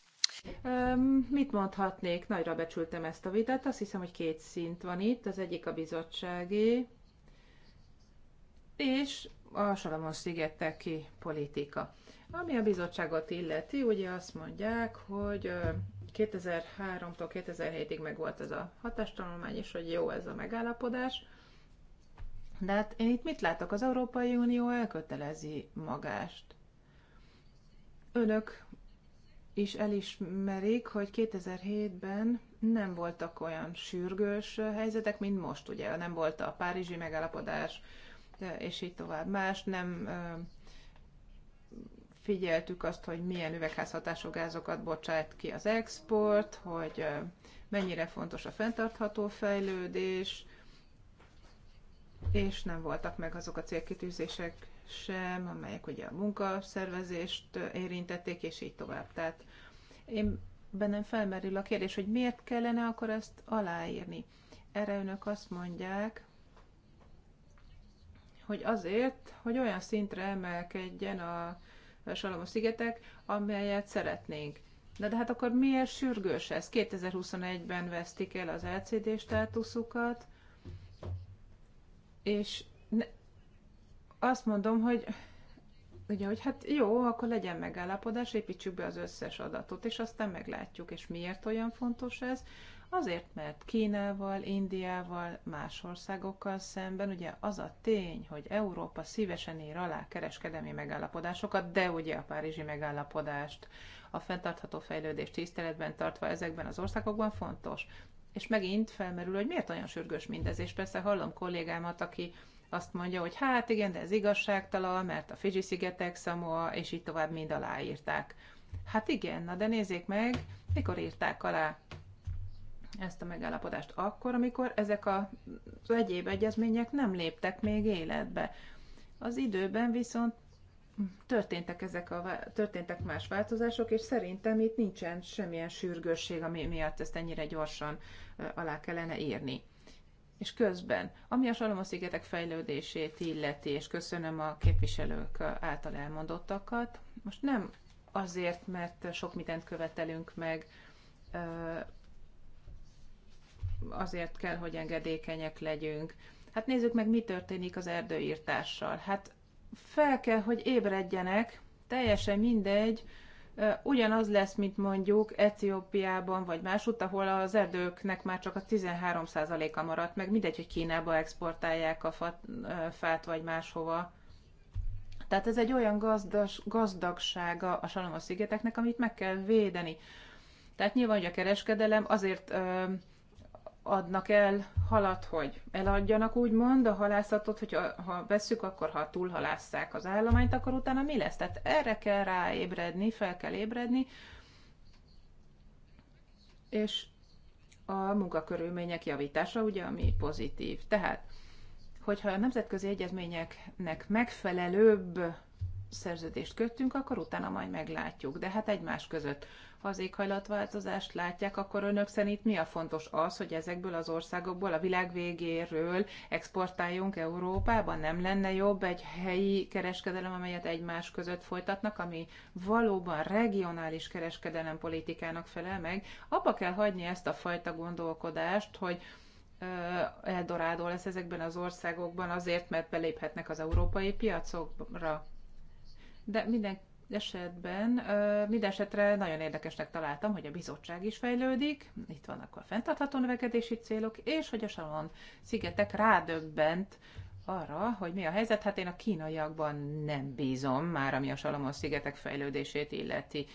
[SPEAKER 1] Mit mondhatnék? Nagyra becsültem ezt a vitát. Azt hiszem, hogy két szint van itt. Az egyik a bizottságé, és a Salamon szigeteki politika. Ami a bizottságot illeti, ugye azt mondják, hogy 2003-tól 2007-ig meg volt ez a hatástanulmány, és hogy jó ez a megállapodás. De hát én itt mit látok? Az Európai Unió elkötelezi magást. Önök is elismerik, hogy 2007-ben nem voltak olyan sürgős helyzetek, mint most, ugye nem volt a párizsi megállapodás, e, és így tovább. Más nem e, figyeltük azt, hogy milyen üvegházhatású gázokat bocsát ki az export, hogy e, mennyire fontos a fenntartható fejlődés, és nem voltak meg azok a célkitűzések sem, amelyek ugye a munkaszervezést érintették, és így tovább. Tehát én bennem felmerül a kérdés, hogy miért kellene akkor ezt aláírni. Erre önök azt mondják, hogy azért, hogy olyan szintre emelkedjen a Salomon szigetek, amelyet szeretnénk. Na de hát akkor miért sürgős ez? 2021-ben vesztik el az LCD státuszukat, és ne, azt mondom, hogy ugye, hogy hát jó, akkor legyen megállapodás, építsük be az összes adatot, és aztán meglátjuk. És miért olyan fontos ez? Azért, mert Kínával, Indiával, más országokkal szemben ugye az a tény, hogy Európa szívesen ír alá kereskedelmi megállapodásokat, de ugye a párizsi megállapodást, a fenntartható fejlődést tiszteletben tartva ezekben az országokban fontos. És megint felmerül, hogy miért olyan sürgős mindez, és persze hallom kollégámat, aki azt mondja, hogy hát igen, de ez igazságtalan, mert a Fidzsi-szigetek, Samoa, és így tovább mind aláírták. Hát igen, na de nézzék meg, mikor írták alá ezt a megállapodást? Akkor, amikor ezek az egyéb egyezmények nem léptek még életbe. Az időben viszont történtek, ezek a, történtek más változások, és szerintem itt nincsen semmilyen sürgősség, ami miatt ezt ennyire gyorsan alá kellene írni. És közben, ami a Salomon-szigetek fejlődését illeti, és köszönöm a képviselők által elmondottakat, most nem azért, mert sok mindent követelünk meg, azért kell, hogy engedékenyek legyünk. Hát nézzük meg, mi történik az erdőírtással. Hát fel kell, hogy ébredjenek, teljesen mindegy, ugyanaz lesz, mint mondjuk Etiópiában vagy másutt, ahol az erdőknek már csak a 13%-a maradt meg, mindegy, hogy Kínába exportálják a fat, fát vagy máshova. Tehát ez egy olyan gazdas, gazdagsága a Salomon-szigeteknek, amit meg kell védeni. Tehát nyilván, hogy a kereskedelem azért adnak el halat, hogy eladjanak úgymond a halászatot, hogy ha veszük, akkor ha túlhalásszák az állományt, akkor utána mi lesz? Tehát erre kell ráébredni, fel kell ébredni, és a munkakörülmények javítása, ugye, ami pozitív. Tehát, hogyha a nemzetközi egyezményeknek megfelelőbb szerződést kötünk, akkor utána majd meglátjuk. De hát egymás között az éghajlatváltozást látják, akkor önök szerint mi a fontos az, hogy ezekből az országokból a világ végéről exportáljunk Európában? Nem lenne jobb egy helyi kereskedelem, amelyet egymás között folytatnak, ami valóban regionális kereskedelem politikának felel meg? Abba kell hagyni ezt a fajta gondolkodást, hogy Eldorádó lesz ezekben az országokban azért, mert beléphetnek az európai piacokra. De minden esetben esetre nagyon érdekesnek találtam, hogy a bizottság is fejlődik, itt vannak a fenntartható növekedési célok, és hogy a Salon szigetek rádöbbent arra, hogy mi a helyzet, hát én a kínaiakban nem bízom már, ami a Salamon szigetek fejlődését illeti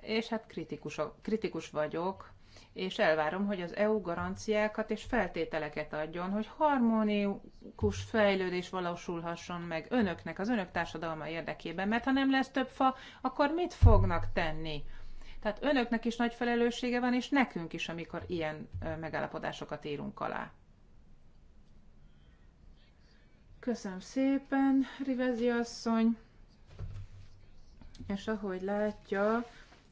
[SPEAKER 1] és hát kritikus, kritikus vagyok, és elvárom, hogy az EU garanciákat és feltételeket adjon, hogy harmonikus fejlődés valósulhasson meg önöknek, az önök társadalma érdekében, mert ha nem lesz több fa, akkor mit fognak tenni? Tehát önöknek is nagy felelőssége van, és nekünk is, amikor ilyen megállapodásokat írunk alá. Köszönöm szépen, Rivezi asszony. És ahogy látja,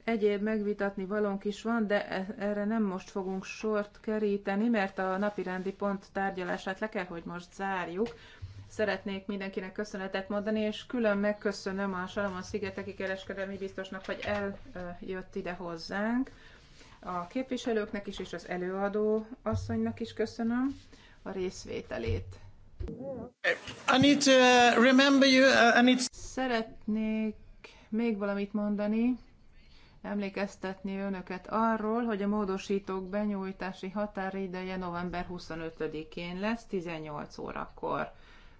[SPEAKER 1] egyéb megvitatni valónk is van, de e- erre nem most fogunk sort keríteni, mert a napirendi pont tárgyalását le kell, hogy most zárjuk. Szeretnék mindenkinek köszönetet mondani, és külön megköszönöm a Salamon szigeteki kereskedelmi biztosnak, hogy eljött ide hozzánk. A képviselőknek is, és az előadó asszonynak is köszönöm a részvételét. I need to uh, remember you, uh, I need... Szeretnék még valamit mondani emlékeztetni önöket arról, hogy a módosítók benyújtási határideje november 25-én lesz, 18 órakor.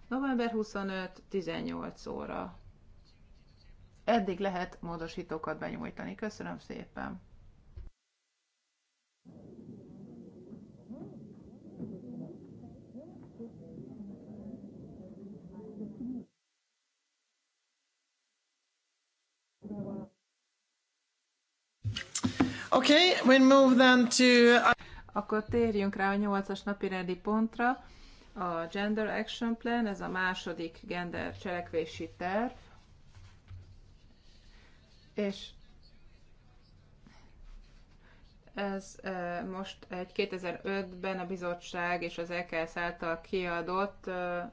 [SPEAKER 1] November 25, 18 óra. Eddig lehet módosítókat benyújtani. Köszönöm szépen! Okay, we move then to... Uh, Akkor térjünk rá a nyolcas napi rendi pontra. A Gender Action Plan, ez a második gender cselekvési terv. És ez uh, most egy 2005-ben a bizottság és az EKS által kiadott uh,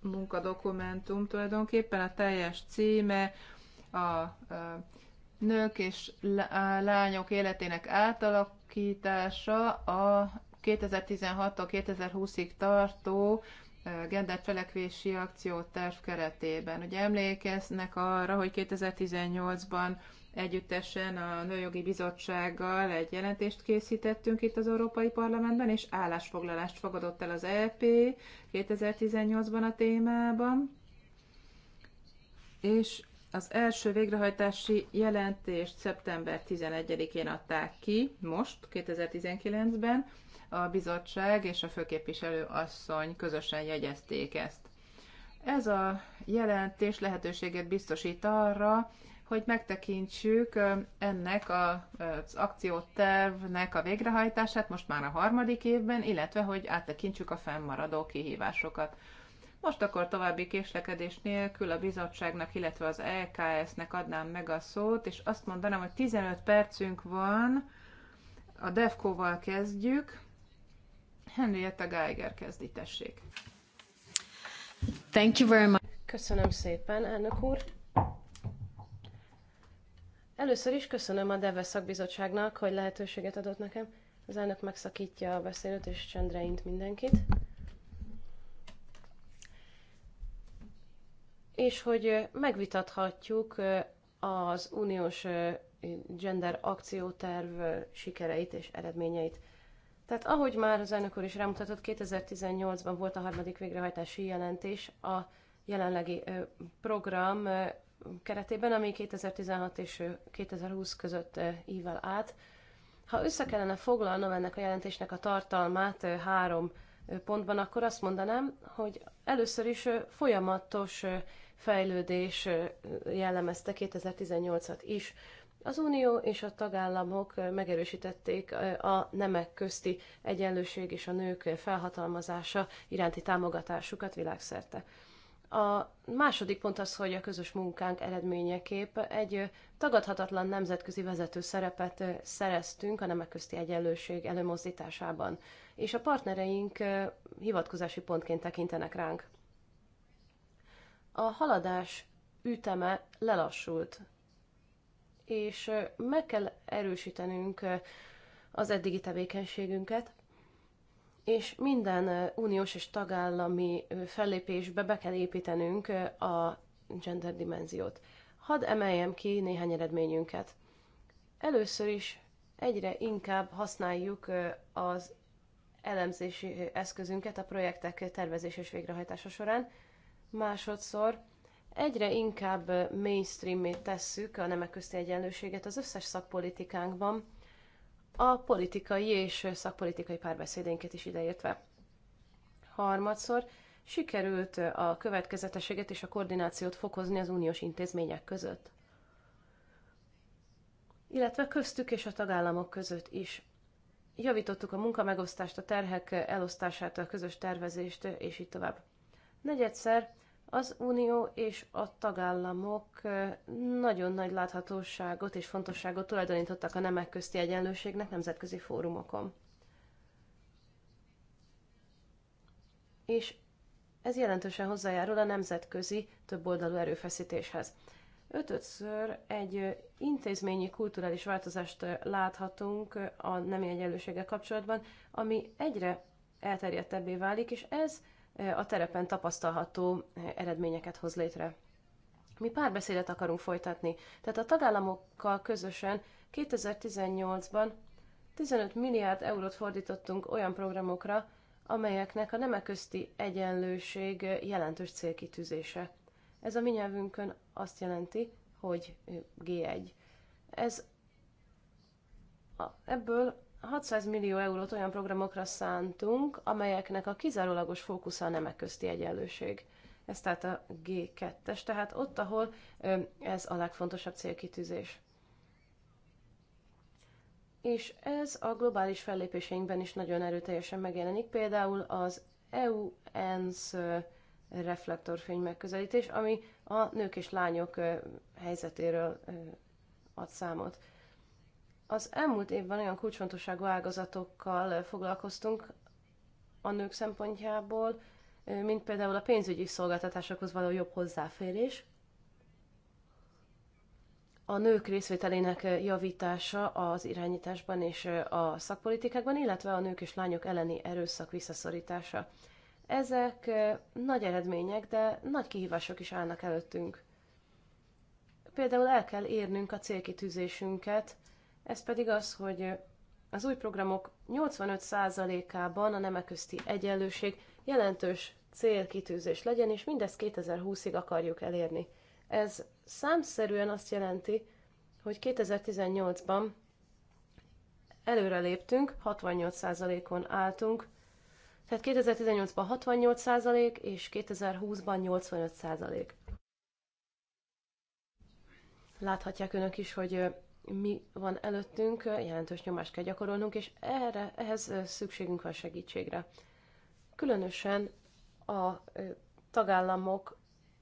[SPEAKER 1] munkadokumentum tulajdonképpen. A teljes címe a nők és lányok életének átalakítása a 2016-tól 2020-ig tartó genderfelekvési akcióterv keretében. Ugye emlékeznek arra, hogy 2018-ban együttesen a Nőjogi Bizottsággal egy jelentést készítettünk itt az Európai Parlamentben, és állásfoglalást fogadott el az EP 2018-ban a témában. És az első végrehajtási jelentést szeptember 11-én adták ki, most, 2019-ben, a bizottság és a főképviselő asszony közösen jegyezték ezt. Ez a jelentés lehetőséget biztosít arra, hogy megtekintsük ennek az akciótervnek a végrehajtását most már a harmadik évben, illetve hogy áttekintsük a fennmaradó kihívásokat. Most akkor további késlekedés nélkül a bizottságnak, illetve az LKS-nek adnám meg a szót, és azt mondanám, hogy 15 percünk van, a DEFCO-val kezdjük. Henrietta
[SPEAKER 3] Geiger kezdi, tessék. Thank you very much.
[SPEAKER 1] Köszönöm
[SPEAKER 2] szépen, elnök úr. Először is köszönöm a DEVE szakbizottságnak, hogy lehetőséget adott nekem. Az elnök megszakítja a beszélőt és csendre int mindenkit. és hogy megvitathatjuk az uniós gender akcióterv sikereit és eredményeit. Tehát ahogy már az elnök úr is rámutatott, 2018-ban volt a harmadik végrehajtási jelentés a jelenlegi program keretében, ami 2016 és 2020 között ível át. Ha össze kellene foglalnom ennek a jelentésnek a tartalmát három pontban, akkor azt mondanám, hogy először is folyamatos fejlődés jellemezte 2018-at is. Az Unió és a tagállamok megerősítették a nemek közti egyenlőség és a nők felhatalmazása iránti támogatásukat világszerte. A második pont az, hogy a közös munkánk eredményeképp egy tagadhatatlan nemzetközi vezető szerepet szereztünk a nemek közti egyenlőség előmozdításában, és a partnereink hivatkozási pontként tekintenek ránk a haladás üteme lelassult, és meg kell erősítenünk az eddigi tevékenységünket, és minden uniós és tagállami fellépésbe be kell építenünk a gender dimenziót. Hadd emeljem ki néhány eredményünket. Először is egyre inkább használjuk az elemzési eszközünket a projektek tervezés és végrehajtása során, Másodszor egyre inkább mainstream-é tesszük a nemek közti egyenlőséget az összes szakpolitikánkban, a politikai és szakpolitikai párbeszédénket is ideértve. Harmadszor sikerült a következetességet és a koordinációt fokozni az uniós intézmények között, illetve köztük és a tagállamok között is. Javítottuk a munkamegosztást, a terhek elosztását, a közös tervezést, és így tovább negyedszer az Unió és a tagállamok nagyon nagy láthatóságot és fontosságot tulajdonítottak a nemek közti egyenlőségnek nemzetközi fórumokon. És ez jelentősen hozzájárul a nemzetközi többoldalú erőfeszítéshez. Ötödször egy intézményi kulturális változást láthatunk a nemi egyenlőséggel kapcsolatban, ami egyre elterjedtebbé válik, és ez a terepen tapasztalható eredményeket hoz létre. Mi párbeszédet akarunk folytatni, tehát a tagállamokkal közösen 2018-ban 15 milliárd eurót fordítottunk olyan programokra, amelyeknek a nemek közti egyenlőség jelentős célkitűzése. Ez a mi nyelvünkön azt jelenti, hogy G1. Ez a, ebből 600 millió eurót olyan programokra szántunk, amelyeknek a kizárólagos fókusza a nemek közti egyenlőség. Ez tehát a G2-es, tehát ott, ahol ez a legfontosabb célkitűzés. És ez a globális fellépéseinkben is nagyon erőteljesen megjelenik, például az EU-ENSZ reflektorfény megközelítés, ami a nők és lányok helyzetéről ad számot. Az elmúlt évben olyan kulcsfontosságú ágazatokkal foglalkoztunk a nők szempontjából, mint például a pénzügyi szolgáltatásokhoz való jobb hozzáférés, a nők részvételének javítása az irányításban és a szakpolitikákban, illetve a nők és lányok elleni erőszak visszaszorítása. Ezek nagy eredmények, de nagy kihívások is állnak előttünk. Például el kell érnünk a célkitűzésünket ez pedig az, hogy az új programok 85%-ában a nemek közti egyenlőség jelentős célkitűzés legyen, és mindezt 2020-ig akarjuk elérni. Ez számszerűen azt jelenti, hogy 2018-ban előreléptünk, 68%-on álltunk, tehát 2018-ban 68% és 2020-ban 85%. Láthatják önök is, hogy mi van előttünk, jelentős nyomást kell gyakorolnunk, és erre, ehhez szükségünk van segítségre. Különösen a tagállamok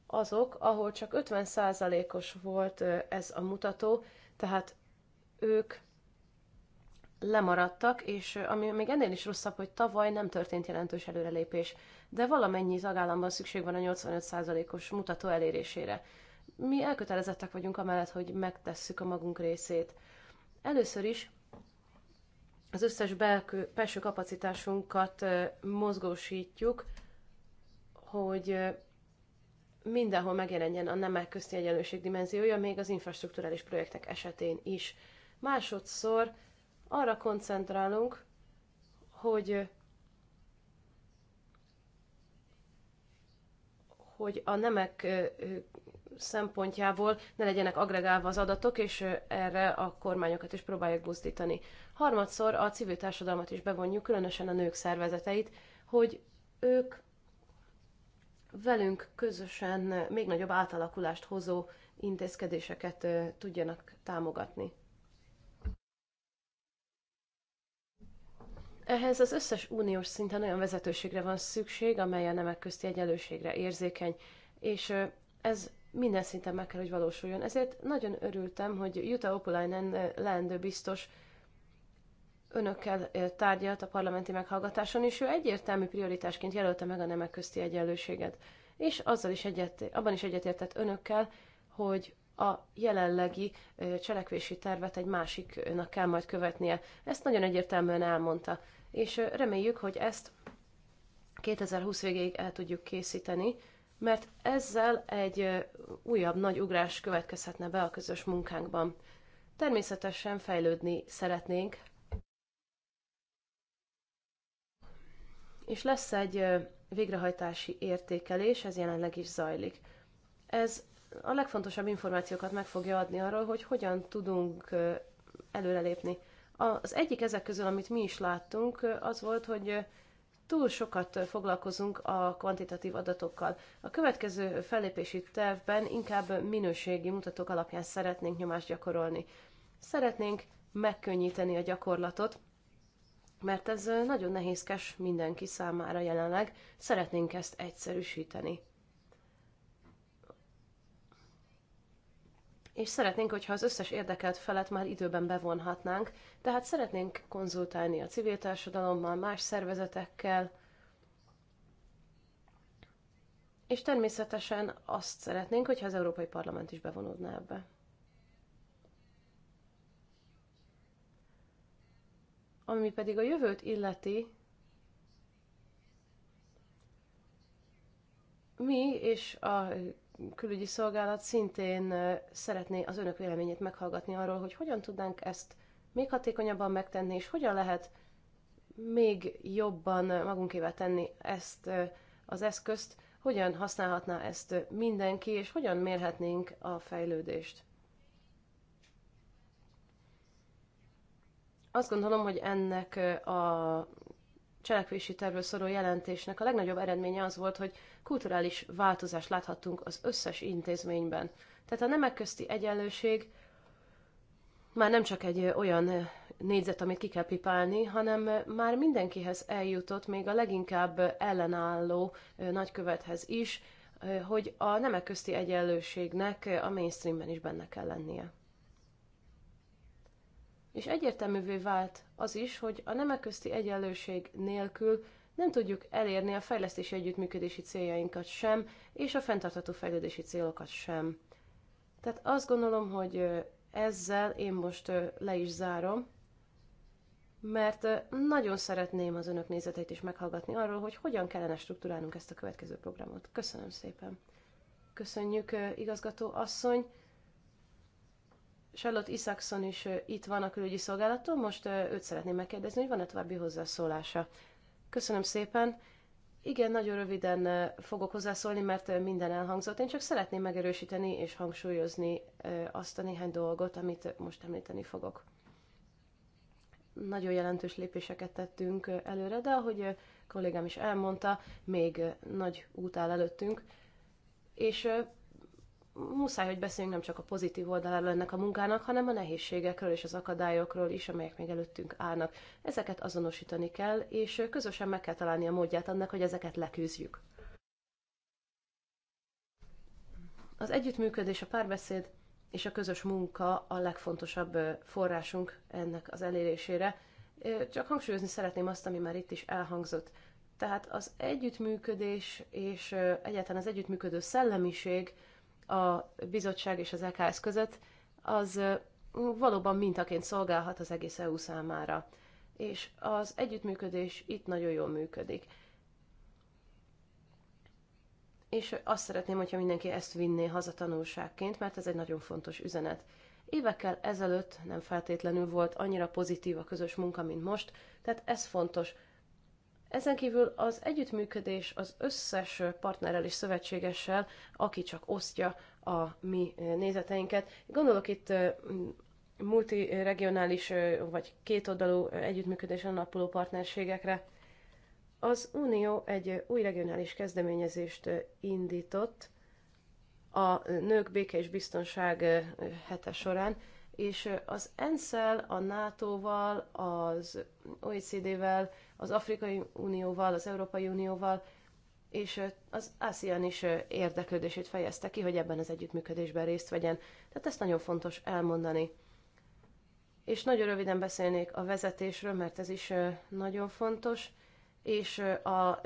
[SPEAKER 2] azok, ahol csak 50%-os volt ez a mutató, tehát ők lemaradtak, és ami még ennél is rosszabb, hogy tavaly nem történt jelentős előrelépés, de valamennyi tagállamban szükség van a 85%-os mutató elérésére mi elkötelezettek vagyunk amellett, hogy megtesszük a magunk részét. Először is az összes belkő, belső kapacitásunkat mozgósítjuk, hogy mindenhol megjelenjen a nemek közti egyenlőség dimenziója, még az infrastruktúrális projektek esetén is. Másodszor arra koncentrálunk, hogy hogy a nemek szempontjából ne legyenek agregálva az adatok, és erre a kormányokat is próbálják buzdítani. Harmadszor a civil társadalmat is bevonjuk, különösen a nők szervezeteit, hogy ők velünk közösen még nagyobb átalakulást hozó intézkedéseket tudjanak támogatni. Ehhez az összes uniós szinten olyan vezetőségre van szükség, amely a nemek közti egyenlőségre érzékeny, és ez minden szinten meg kell, hogy valósuljon. Ezért nagyon örültem, hogy Jutta Opulainen eh, leendő biztos önökkel eh, tárgyalt a parlamenti meghallgatáson, és ő egyértelmű prioritásként jelölte meg a nemek közti egyenlőséget. És azzal is egyet, abban is egyetértett önökkel, hogy a jelenlegi eh, cselekvési tervet egy másiknak kell majd követnie. Ezt nagyon egyértelműen elmondta. És reméljük, hogy ezt 2020 végéig el tudjuk készíteni, mert ezzel egy újabb nagy ugrás következhetne be a közös munkánkban. Természetesen fejlődni szeretnénk, és lesz egy végrehajtási értékelés, ez jelenleg is zajlik. Ez a legfontosabb információkat meg fogja adni arról, hogy hogyan tudunk előrelépni. Az egyik ezek közül, amit mi is láttunk, az volt, hogy túl sokat foglalkozunk a kvantitatív adatokkal. A következő fellépési tervben inkább minőségi mutatók alapján szeretnénk nyomást gyakorolni. Szeretnénk megkönnyíteni a gyakorlatot, mert ez nagyon nehézkes mindenki számára jelenleg, szeretnénk ezt egyszerűsíteni. és szeretnénk, hogyha az összes érdekelt felet már időben bevonhatnánk, tehát szeretnénk konzultálni a civil társadalommal, más szervezetekkel, és természetesen azt szeretnénk, hogyha az Európai Parlament is bevonódna ebbe. Ami pedig a jövőt illeti, mi és a külügyi szolgálat szintén szeretné az önök véleményét meghallgatni arról, hogy hogyan tudnánk ezt még hatékonyabban megtenni, és hogyan lehet még jobban magunkével tenni ezt az eszközt, hogyan használhatná ezt mindenki, és hogyan mérhetnénk a fejlődést. Azt gondolom, hogy ennek a cselekvési tervről szóló jelentésnek a legnagyobb eredménye az volt, hogy kulturális változást láthatunk az összes intézményben. Tehát a nemek közti egyenlőség már nem csak egy olyan négyzet, amit ki kell pipálni, hanem már mindenkihez eljutott, még a leginkább ellenálló nagykövethez is, hogy a nemek közti egyenlőségnek a mainstreamben is benne kell lennie. És egyértelművé vált az is, hogy a nemek közti egyenlőség nélkül nem tudjuk elérni a fejlesztési együttműködési céljainkat sem, és a fenntartható fejlődési célokat sem. Tehát azt gondolom, hogy ezzel én most le is zárom, mert nagyon szeretném az önök nézeteit is meghallgatni arról, hogy hogyan kellene struktúrálnunk ezt a következő programot. Köszönöm szépen. Köszönjük, igazgató asszony. Charlotte Isaacson is itt van a külügyi szolgálattól, most őt szeretném megkérdezni, hogy van-e további hozzászólása. Köszönöm szépen. Igen, nagyon röviden eh, fogok hozzászólni, mert eh, minden elhangzott. Én csak szeretném megerősíteni és hangsúlyozni eh, azt a néhány dolgot, amit most említeni fogok. Nagyon jelentős lépéseket tettünk előre, de ahogy kollégám is elmondta, még nagy út áll előttünk, és muszáj, hogy beszéljünk nem csak a pozitív oldaláról ennek a munkának, hanem a nehézségekről és az akadályokról is, amelyek még előttünk állnak. Ezeket azonosítani kell, és közösen meg kell találni a módját annak, hogy ezeket leküzdjük. Az együttműködés, a párbeszéd és a közös munka a legfontosabb forrásunk ennek az elérésére. Csak hangsúlyozni szeretném azt, ami már itt is elhangzott. Tehát az együttműködés és egyáltalán az együttműködő szellemiség, a bizottság és az EKS között, az valóban mintaként szolgálhat az egész EU számára. És az együttműködés itt nagyon jól működik. És azt szeretném, hogyha mindenki ezt vinné haza tanulságként, mert ez egy nagyon fontos üzenet. Évekkel ezelőtt nem feltétlenül volt annyira pozitív a közös munka, mint most, tehát ez fontos, ezen kívül az együttműködés az összes partnerrel és szövetségessel, aki csak osztja a mi eh, nézeteinket. Gondolok itt eh, multiregionális eh, vagy kétoldalú együttműködésen alapuló partnerségekre. Az Unió egy új regionális kezdeményezést indított a Nők Béke és Biztonság hete során, és az ensz a NATO-val, az OECD-vel, az Afrikai Unióval, az Európai Unióval, és az ASEAN is érdeklődését fejezte ki, hogy ebben az együttműködésben részt vegyen. Tehát ezt nagyon fontos elmondani. És nagyon röviden beszélnék a vezetésről, mert ez is nagyon fontos, és a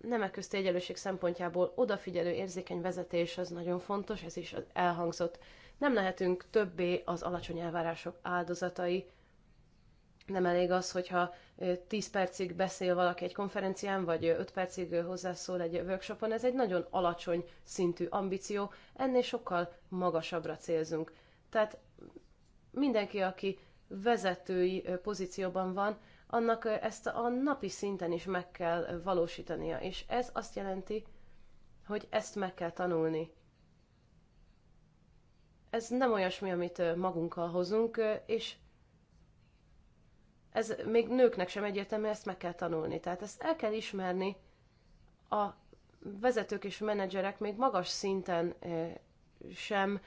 [SPEAKER 2] nemek közti egyenlőség szempontjából odafigyelő érzékeny vezetés az nagyon fontos, ez is elhangzott. Nem lehetünk többé az alacsony elvárások áldozatai. Nem elég az, hogyha 10 percig beszél valaki egy konferencián, vagy 5 percig hozzászól egy workshopon. Ez egy nagyon alacsony szintű ambíció, ennél sokkal magasabbra célzunk. Tehát mindenki, aki vezetői pozícióban van, annak ezt a napi szinten is meg kell valósítania, és ez azt jelenti, hogy ezt meg kell tanulni ez nem olyasmi, amit magunkkal hozunk, és ez még nőknek sem egyértelmű, ezt meg kell tanulni. Tehát ezt el kell ismerni. A vezetők és menedzserek még magas szinten sem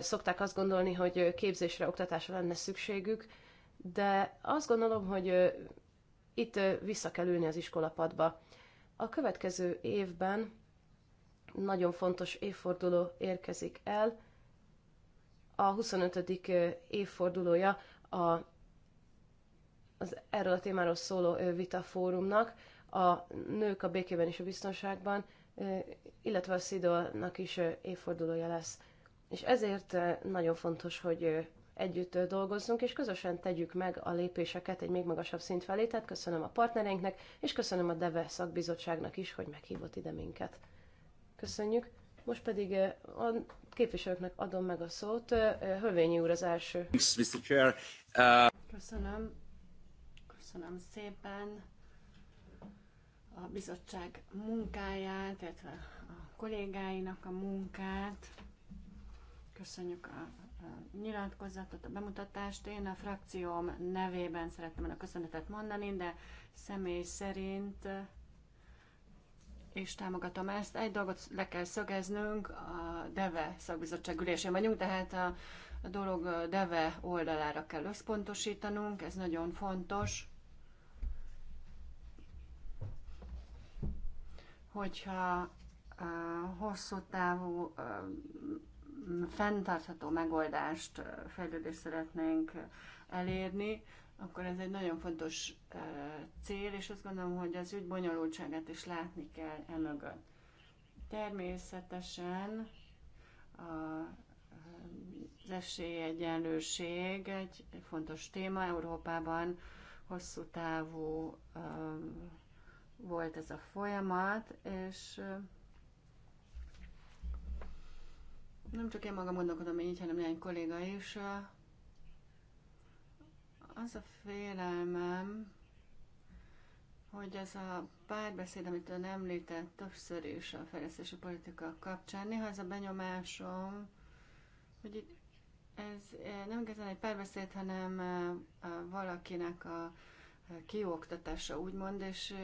[SPEAKER 2] szokták azt gondolni, hogy képzésre, oktatásra lenne szükségük, de azt gondolom, hogy itt vissza kell ülni az iskolapadba. A következő évben nagyon fontos évforduló érkezik el, a 25. évfordulója a, az erről a témáról szóló vita fórumnak, a nők a békében és a biztonságban, illetve a Szidolnak is évfordulója lesz. És ezért nagyon fontos, hogy együtt dolgozzunk, és közösen tegyük meg a lépéseket egy még magasabb szint felé. Tehát köszönöm a partnereinknek, és köszönöm a DEVE szakbizottságnak is, hogy meghívott ide minket. Köszönjük. Most pedig eh, a képviselőknek adom meg a szót. Eh, eh, Hölvényi úr az első.
[SPEAKER 3] Köszönöm. Köszönöm szépen a bizottság munkáját, illetve a kollégáinak a munkát. Köszönjük a nyilatkozatot, a bemutatást. Én a frakcióm nevében szerettem volna köszönetet mondani, de személy szerint és támogatom ezt. Egy dolgot le kell szögeznünk, a DEVE szakbizottság ülésén vagyunk, tehát a, a dolog DEVE oldalára kell összpontosítanunk, ez nagyon fontos. Hogyha a hosszú távú a, fenntartható megoldást, fejlődést szeretnénk elérni, akkor ez egy nagyon fontos cél, és azt gondolom, hogy az ügy bonyolultságát is látni kell emögött. Természetesen a, az esélyegyenlőség egy fontos téma Európában, hosszú távú volt ez a folyamat, és nem csak én magam gondolkodom így, hanem néhány kolléga is az a félelmem, hogy ez a párbeszéd, amit ön említett többször is a fejlesztési politika kapcsán, néha ez a benyomásom, hogy ez eh, nem igazán egy párbeszéd, hanem eh, valakinek a eh, kioktatása, úgymond, és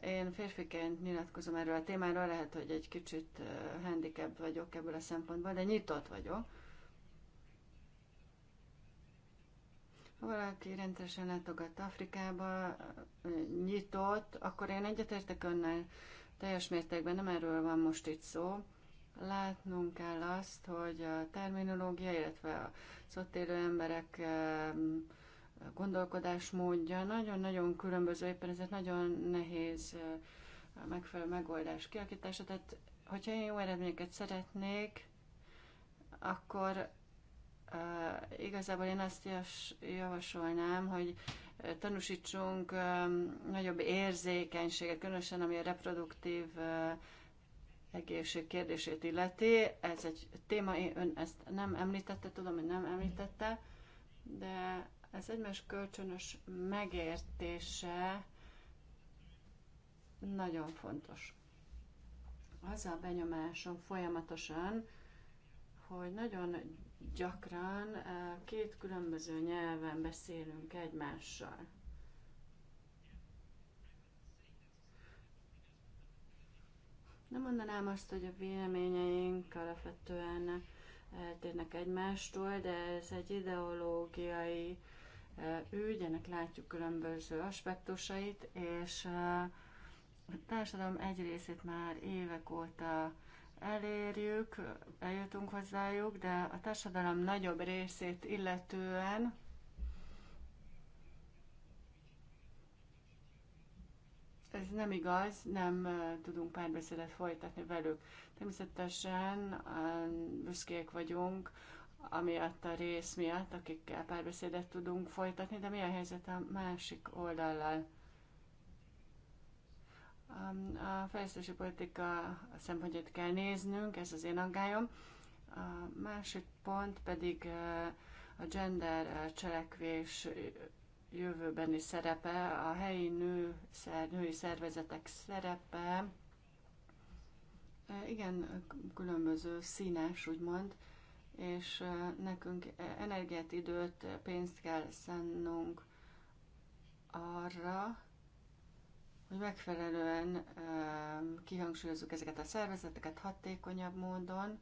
[SPEAKER 3] én férfiként nyilatkozom erről a témáról, lehet, hogy egy kicsit handicap vagyok ebből a szempontból, de nyitott vagyok. Ha valaki rendszeresen látogat Afrikába, nyitott, akkor én egyetértek önnel teljes mértékben, nem erről van most itt szó. Látnunk kell azt, hogy a terminológia, illetve a ott élő emberek gondolkodásmódja nagyon-nagyon különböző, éppen ezért nagyon nehéz a megfelelő megoldás kialakítása. Tehát, hogyha én jó eredményeket szeretnék, akkor Uh, igazából én azt javasolnám, hogy tanúsítsunk nagyobb érzékenységet, különösen ami a reproduktív uh, egészség kérdését illeti. Ez egy téma, én ön ezt nem említette, tudom, hogy nem említette, de ez egymás kölcsönös megértése nagyon fontos. Az a benyomásom folyamatosan, hogy nagyon gyakran eh, két különböző nyelven beszélünk egymással. Nem mondanám azt, hogy a véleményeink alapvetően eh, eltérnek egymástól, de ez egy ideológiai eh, ügy, ennek látjuk különböző aspektusait, és a társadalom egy részét már évek óta elérjük, eljutunk hozzájuk, de a társadalom nagyobb részét illetően ez nem igaz, nem tudunk párbeszédet folytatni velük. Természetesen büszkék vagyunk, amiatt a rész miatt, akikkel párbeszédet tudunk folytatni, de mi a helyzet a másik oldallal? Um, a fejlesztési politika szempontját kell néznünk, ez az én aggályom. A másik pont pedig uh, a gender uh, cselekvés jövőbeni szerepe, a helyi nő, szer, női szervezetek szerepe. Uh, igen, különböző színes, úgymond, és nekünk energiát, időt, pénzt kell szennünk arra, hogy megfelelően um, kihangsúlyozzuk ezeket a szervezeteket hatékonyabb módon,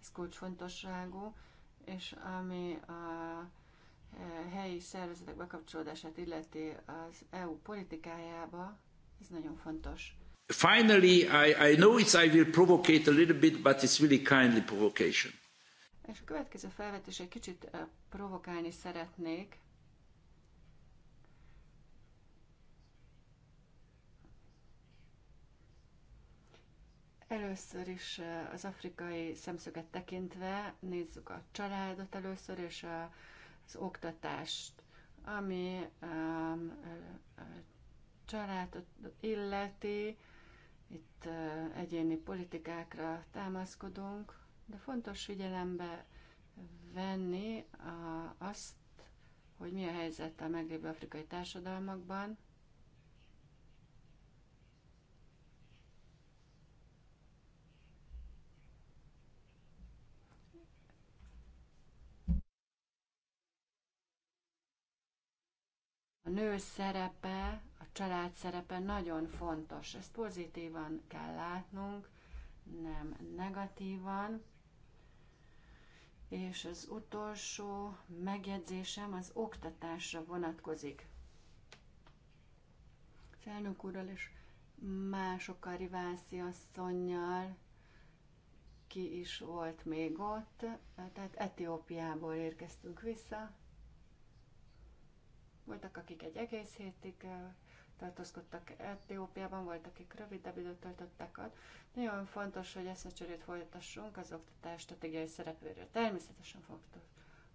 [SPEAKER 3] ez kulcsfontosságú, és ami a eh, helyi szervezetek bekapcsolódását illeti az EU politikájába, ez nagyon fontos.
[SPEAKER 1] Finally, I, I know it's I will provocate a little bit, but it's really kindly provocation.
[SPEAKER 3] És a következő felvetés egy kicsit eh, provokálni szeretnék. Először is az afrikai szemszöget tekintve nézzük a családot először, és az oktatást, ami családot illeti, itt egyéni politikákra támaszkodunk, de fontos figyelembe venni azt, hogy mi a helyzet a meglévő afrikai társadalmakban, A nő szerepe, a család szerepe nagyon fontos. Ezt pozitívan kell látnunk, nem negatívan. És az utolsó megjegyzésem az oktatásra vonatkozik. Felnök úrral és másokkal, Rivászi asszonynal, ki is volt még ott, tehát Etiópiából érkeztünk vissza, voltak, akik egy egész hétig tartózkodtak Etiópiában, voltak, akik rövidebb időt töltöttek ott. Nagyon fontos, hogy cserét folytassunk az oktatás stratégiai szerepéről. Természetesen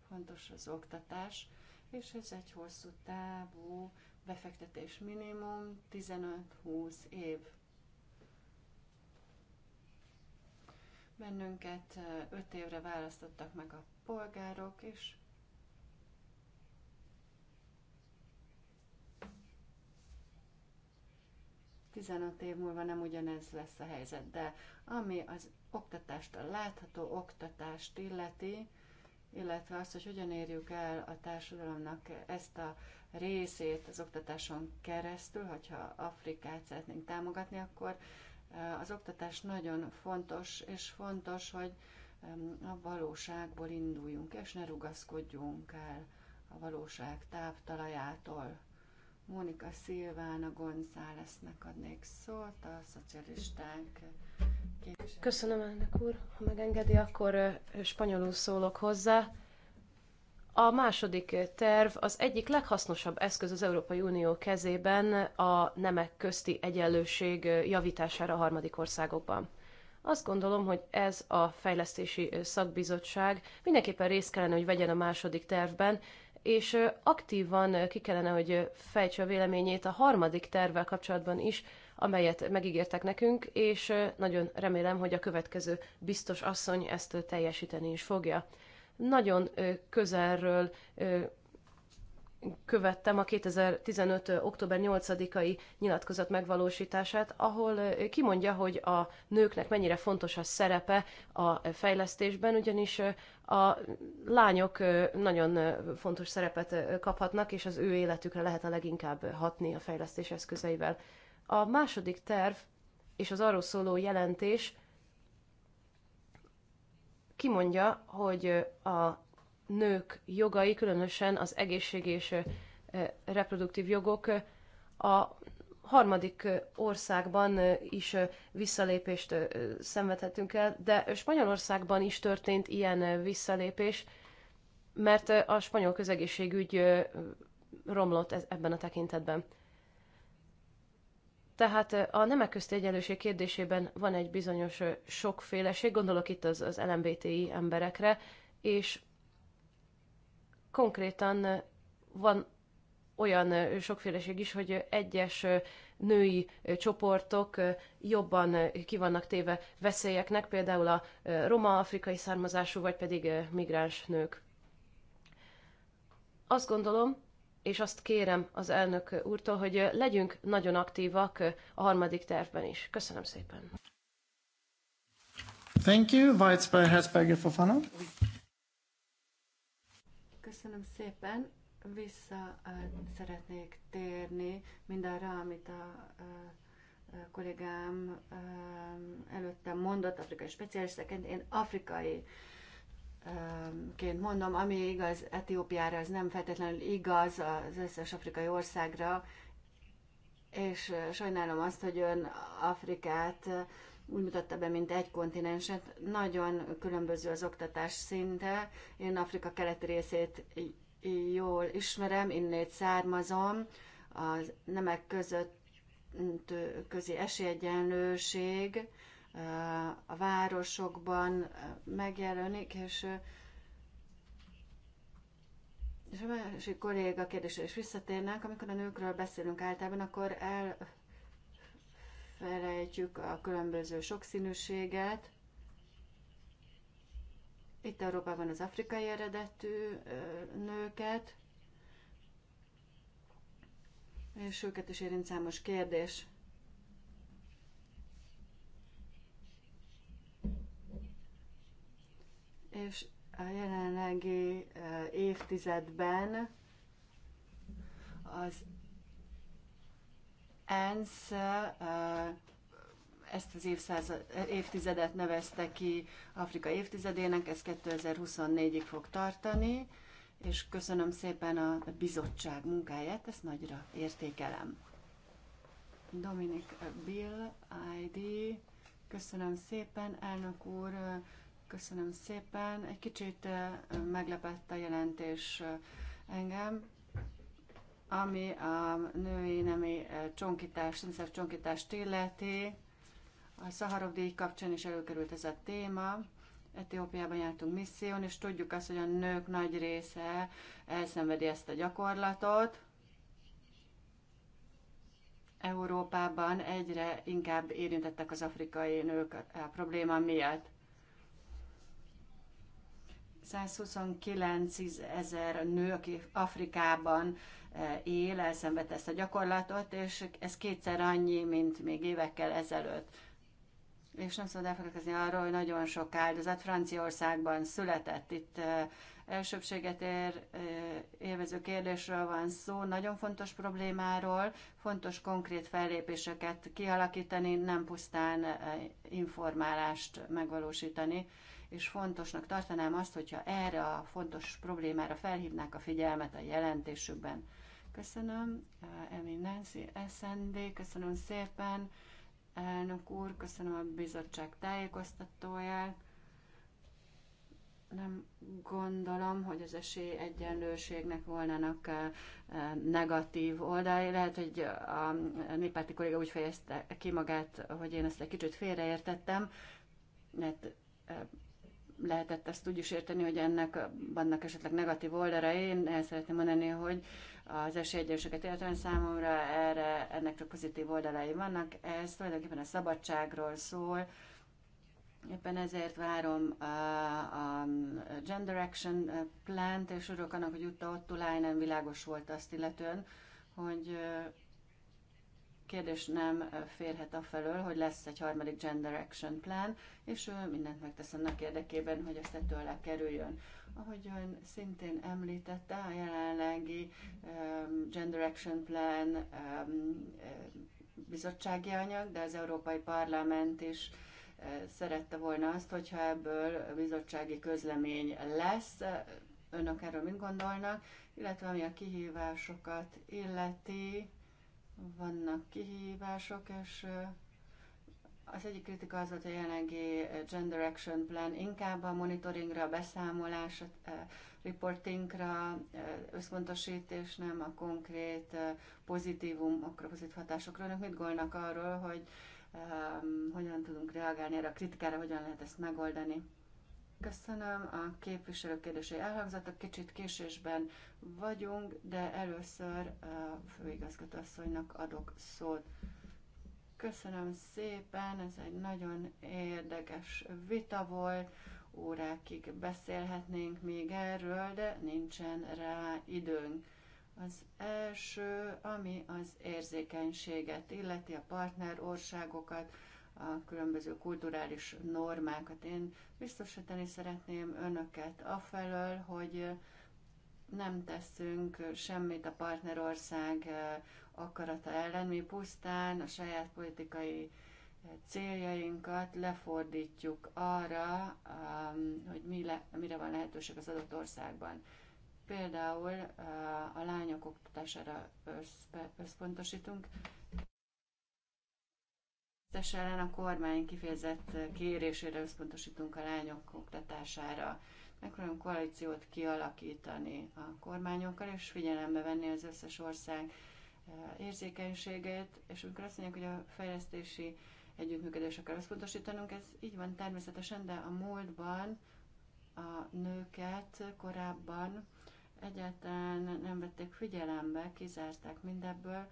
[SPEAKER 3] fontos az oktatás, és ez egy hosszú távú befektetés minimum 15-20 év. Bennünket 5 évre választottak meg a polgárok, és 15 év múlva nem ugyanez lesz a helyzet, de ami az oktatást, a látható oktatást illeti, illetve azt, hogy hogyan érjük el a társadalomnak ezt a részét az oktatáson keresztül, hogyha Afrikát szeretnénk támogatni, akkor az oktatás nagyon fontos, és fontos, hogy a valóságból induljunk, és ne rugaszkodjunk el a valóság táptalajától. Mónika Szilvána Gonzálesnek adnék szót, a szocialisták képviselő. Köszönöm, elnök úr. Ha
[SPEAKER 2] megengedi, akkor spanyolul szólok hozzá. A második terv az egyik leghasznosabb eszköz az Európai Unió kezében a nemek közti egyenlőség javítására a harmadik országokban. Azt gondolom, hogy ez a fejlesztési szakbizottság mindenképpen részt kellene, hogy vegyen a második tervben, és aktívan ki kellene, hogy fejtse a véleményét a harmadik tervvel kapcsolatban is, amelyet megígértek nekünk, és nagyon remélem, hogy a következő biztos asszony ezt teljesíteni is fogja. Nagyon közelről követtem a 2015. október 8-ai nyilatkozat megvalósítását, ahol kimondja, hogy a nőknek mennyire fontos a szerepe a fejlesztésben, ugyanis a lányok nagyon fontos szerepet kaphatnak, és az ő életükre lehet a leginkább hatni a fejlesztés eszközeivel. A második terv és az arról szóló jelentés kimondja, hogy a nők jogai, különösen az egészség és reproduktív jogok a harmadik országban is visszalépést szenvedhetünk el, de Spanyolországban is történt ilyen visszalépés, mert a spanyol közegészségügy romlott e-, ebben a tekintetben. Tehát a nemek közti egyenlőség kérdésében van egy bizonyos sokféleség, gondolok itt az, az LMBTI emberekre, és konkrétan van olyan sokféleség is, hogy egyes női csoportok jobban kivannak téve veszélyeknek, például a roma-afrikai származású, vagy pedig migráns nők. Azt gondolom, és azt kérem az elnök úrtól, hogy legyünk nagyon aktívak a harmadik tervben is. Köszönöm szépen.
[SPEAKER 3] Thank you, Vice
[SPEAKER 1] President Fofana.
[SPEAKER 3] Köszönöm szépen. Vissza szeretnék térni mindarra, amit a kollégám előttem mondott, afrikai specialistaként. Én afrikai ként mondom, ami igaz Etiópiára, az nem feltétlenül igaz az összes afrikai országra, és sajnálom azt, hogy ön Afrikát úgy mutatta be, mint egy kontinenset. Nagyon különböző az oktatás szinte. Én Afrika keleti részét jól ismerem, innét származom. A nemek között közi esélyegyenlőség a városokban megjelenik, és és a másik kolléga kérdésre is visszatérnánk, amikor a nőkről beszélünk általában, akkor el felejtjük a különböző sokszínűséget. Itt Európában az afrikai eredetű nőket, és őket is érint számos kérdés. És a jelenlegi évtizedben az ENSZ ezt az évtizedet nevezte ki Afrika évtizedének, ez 2024-ig fog tartani, és köszönöm szépen a bizottság munkáját, ezt nagyra értékelem. Dominik Bill, ID, köszönöm szépen, elnök úr, köszönöm szépen. Egy kicsit meglepett a jelentés engem ami a női nemi eh, csonkítás, szünszer csonkítást illeti. A Szaharov díj kapcsán is előkerült ez a téma. Etiópiában jártunk misszión, és tudjuk azt, hogy a nők nagy része elszenvedi ezt a gyakorlatot. Európában egyre inkább érintettek az afrikai nők a probléma miatt. 129 ezer nő, aki Afrikában eh, él, elszenved ezt a gyakorlatot, és ez kétszer annyi, mint még évekkel ezelőtt. És nem szabad elfelelkezni arról, hogy nagyon sok áldozat Franciaországban született. Itt eh, elsőbséget ér, eh, élvező kérdésről van szó, nagyon fontos problémáról, fontos konkrét fellépéseket kialakítani, nem pusztán informálást megvalósítani és fontosnak tartanám azt, hogyha erre a fontos problémára felhívnák a figyelmet a jelentésükben. Köszönöm, eh, Emin Nancy, SND, köszönöm szépen, elnök úr, köszönöm a bizottság tájékoztatóját. Nem gondolom, hogy az egyenlőségnek volnának eh, negatív oldalai. Lehet, hogy a néppárti kolléga úgy fejezte ki magát, hogy én ezt egy kicsit félreértettem, mert eh, lehetett ezt úgy is érteni, hogy ennek vannak esetleg negatív oldalra. Én el szeretném mondani, hogy az esélyegyenlőséget illetően számomra erre, ennek csak pozitív oldalai vannak. Ez tulajdonképpen a szabadságról szól, Éppen ezért várom uh, a, a Gender Action uh, Plant, és örülök annak, hogy Jutta Ottulainen világos volt azt illetően, hogy uh, kérdés nem férhet a felől, hogy lesz egy harmadik Gender Action Plan, és ő mindent megtesz annak érdekében, hogy ezt ettől alá kerüljön. Ahogy ön szintén említette, a jelenlegi um, Gender Action Plan um, bizottsági anyag, de az Európai Parlament is uh, szerette volna azt, hogyha ebből bizottsági közlemény lesz, önök erről mit gondolnak, illetve ami a kihívásokat illeti, vannak kihívások, és az egyik kritika az volt, hogy a jelenlegi Gender Action Plan inkább a monitoringra, a beszámolás, a reportingra összpontosít, és nem a konkrét pozitívumokra, pozitív hatásokra. Önök mit gondolnak arról, hogy um, hogyan tudunk reagálni erre a kritikára, hogyan lehet ezt megoldani? Köszönöm, a képviselő kérdései elhangzottak, kicsit késésben vagyunk, de először a főigazgatóasszonynak adok szót. Köszönöm szépen, ez egy nagyon érdekes vita volt, órákig beszélhetnénk még erről, de nincsen rá időnk. Az első, ami az érzékenységet illeti, a partnerországokat, országokat, a különböző kulturális normákat. Én biztosítani szeretném önöket afelől, hogy nem teszünk semmit a partnerország akarata ellen, mi pusztán a saját politikai céljainkat lefordítjuk arra, hogy mi le, mire van lehetőség az adott országban. Például a lányok oktatására összpontosítunk, tes ellen a kormány kifejezett kérésére összpontosítunk a lányok oktatására. Megpróbálunk koalíciót kialakítani a kormányokkal, és figyelembe venni az összes ország eh, érzékenységét, és amikor azt mondják, hogy a fejlesztési együttműködésre összpontosítanunk, ez így van természetesen, de a múltban a nőket korábban egyáltalán nem vették figyelembe, kizárták mindebből,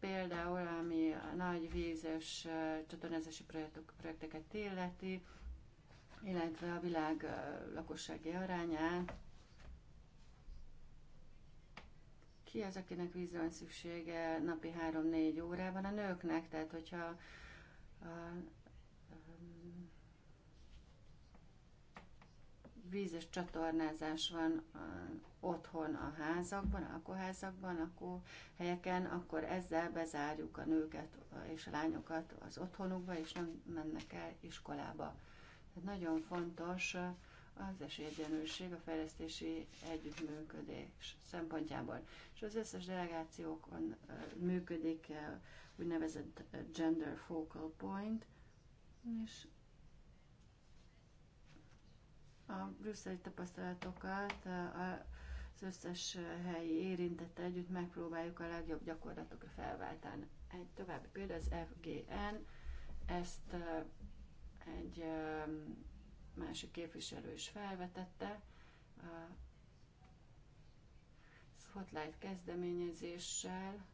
[SPEAKER 3] például ami a nagy vízes csatornázási projektok, projekteket illeti, illetve a világ lakossági arányát. Ki az, akinek vízre van szüksége napi 3-4 órában? A nőknek, tehát hogyha a vízes csatornázás van otthon a házakban, a lakóházakban, helyeken, akkor ezzel bezárjuk a nőket és a lányokat az otthonukba, és nem mennek el iskolába. Tehát nagyon fontos az esélyegyenlőség, a fejlesztési együttműködés szempontjából. És az összes delegációkon működik úgynevezett gender focal point, és a brüsszeli tapasztalatokat az összes helyi érintette együtt megpróbáljuk a legjobb gyakorlatokra felváltani. Egy további példa az FGN, ezt egy másik képviselő is felvetette. A Spotlight kezdeményezéssel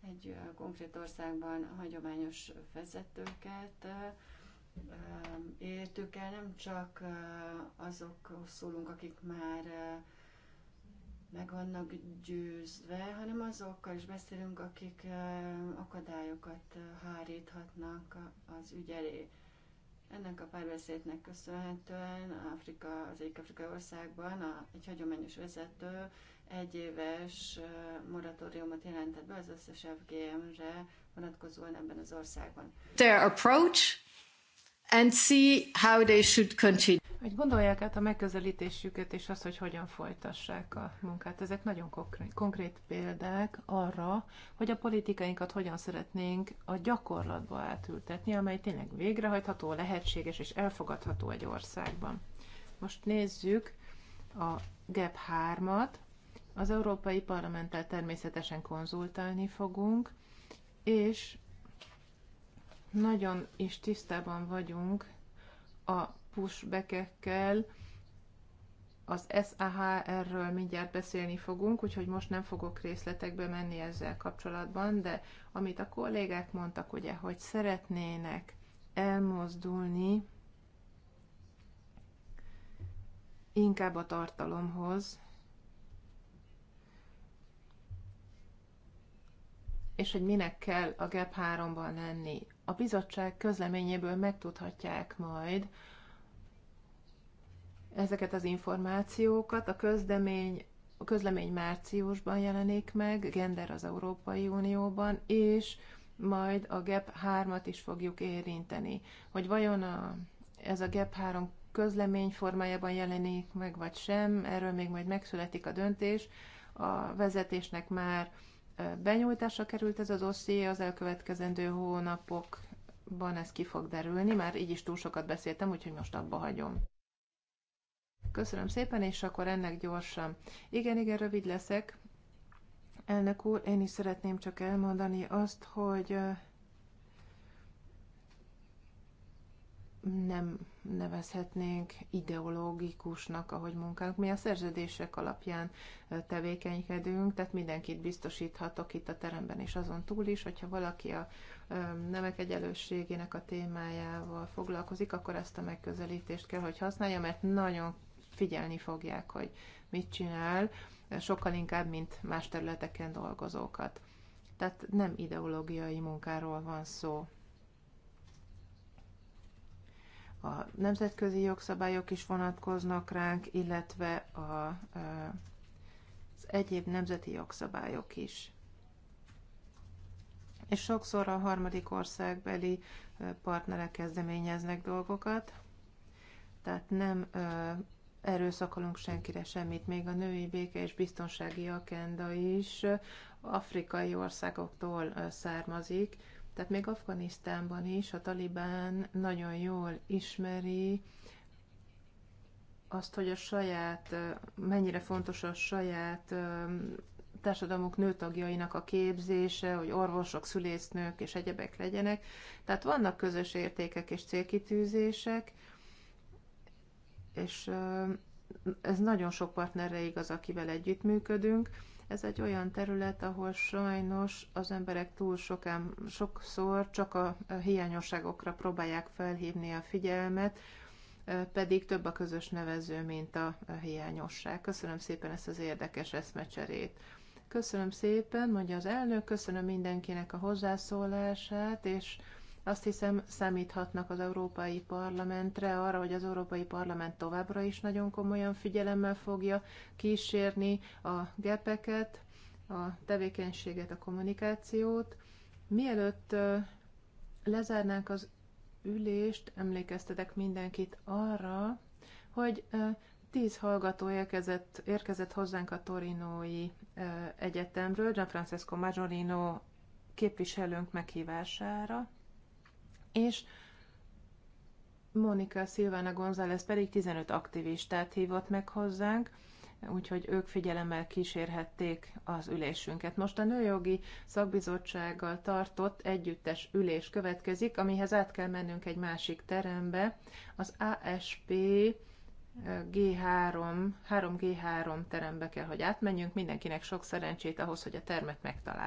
[SPEAKER 3] egy konkrét országban hagyományos vezetőket értőkkel, nem csak azok szólunk, akik már meg vannak győzve, hanem azokkal is beszélünk, akik akadályokat háríthatnak az ügy elé. Ennek a párbeszédnek köszönhetően Afrika, az egyik afrikai országban a, egy hagyományos vezető egy éves moratóriumot jelentett be az összes FGM-re vonatkozóan ebben az országban.
[SPEAKER 1] Their approach
[SPEAKER 3] and see how they should continue.
[SPEAKER 1] Hogy gondolják át a megközelítésüket, és azt, hogy hogyan folytassák a munkát. Ezek nagyon konkrét, konkrét példák arra, hogy a politikáinkat hogyan szeretnénk a gyakorlatba átültetni, amely tényleg végrehajtható, lehetséges és elfogadható egy országban. Most nézzük a GEP 3-at. Az Európai Parlamenttel természetesen konzultálni fogunk, és nagyon is tisztában vagyunk a pushbackekkel, az SAHR-ről mindjárt beszélni fogunk, úgyhogy most nem fogok részletekbe menni ezzel kapcsolatban, de amit a kollégák mondtak, ugye, hogy szeretnének elmozdulni inkább a tartalomhoz, és hogy minek kell a GAP 3-ban lenni a bizottság közleményéből megtudhatják majd ezeket az információkat. A közlemény, a közlemény márciusban jelenik meg, Gender az Európai Unióban, és majd a GEP 3-at is fogjuk érinteni. Hogy vajon a, ez a GEP 3 közlemény formájában jelenik meg, vagy sem, erről még majd megszületik a döntés. A vezetésnek már benyújtásra került ez az oszi, az elkövetkezendő hónapokban, ez ki fog derülni, már így is túl sokat beszéltem, úgyhogy most abba hagyom. Köszönöm szépen, és akkor ennek gyorsan. Igen, igen, rövid leszek. Elnök úr, én is szeretném csak elmondani azt, hogy nem nevezhetnénk ideológikusnak, ahogy munkánk. Mi a szerződések alapján tevékenykedünk, tehát mindenkit biztosíthatok itt a teremben és azon túl is, hogyha valaki a nemek egyenlőségének a témájával foglalkozik, akkor ezt a megközelítést kell, hogy használja, mert nagyon figyelni fogják, hogy mit csinál, sokkal inkább, mint más területeken dolgozókat. Tehát nem ideológiai munkáról van szó a nemzetközi jogszabályok is vonatkoznak ránk, illetve a, az egyéb nemzeti jogszabályok is. És sokszor a harmadik országbeli partnerek kezdeményeznek dolgokat, tehát nem erőszakolunk senkire semmit, még a női béke és biztonsági agenda is afrikai országoktól származik, tehát még Afganisztánban is a Talibán nagyon jól ismeri azt, hogy a saját, mennyire fontos a saját társadalmuk nőtagjainak a képzése, hogy orvosok, szülésznők és egyebek legyenek. Tehát vannak közös értékek és célkitűzések, és ez nagyon sok partnerre igaz, akivel együttműködünk, ez egy olyan terület, ahol sajnos az emberek túl sokan sokszor csak a hiányosságokra próbálják felhívni a figyelmet, pedig több a közös nevező, mint a hiányosság. Köszönöm szépen ezt az érdekes eszmecserét. Köszönöm szépen, mondja az elnök, köszönöm mindenkinek a hozzászólását, és azt hiszem, számíthatnak az Európai Parlamentre arra, hogy az Európai Parlament továbbra is nagyon komolyan figyelemmel fogja kísérni a gepeket, a tevékenységet, a kommunikációt. Mielőtt lezárnánk az ülést, emlékeztetek mindenkit arra, hogy tíz hallgató érkezett, érkezett hozzánk a Torinói Egyetemről, Gianfrancesco Francesco Maggiolino képviselőnk meghívására és Monika Silvana González pedig 15 aktivistát hívott meg hozzánk, úgyhogy ők figyelemmel kísérhették az ülésünket. Most a Nőjogi Szakbizottsággal tartott együttes ülés következik, amihez át kell mennünk egy másik terembe, az ASP G3, 3G3 terembe kell, hogy átmenjünk. Mindenkinek sok szerencsét ahhoz, hogy a termet megtalálják.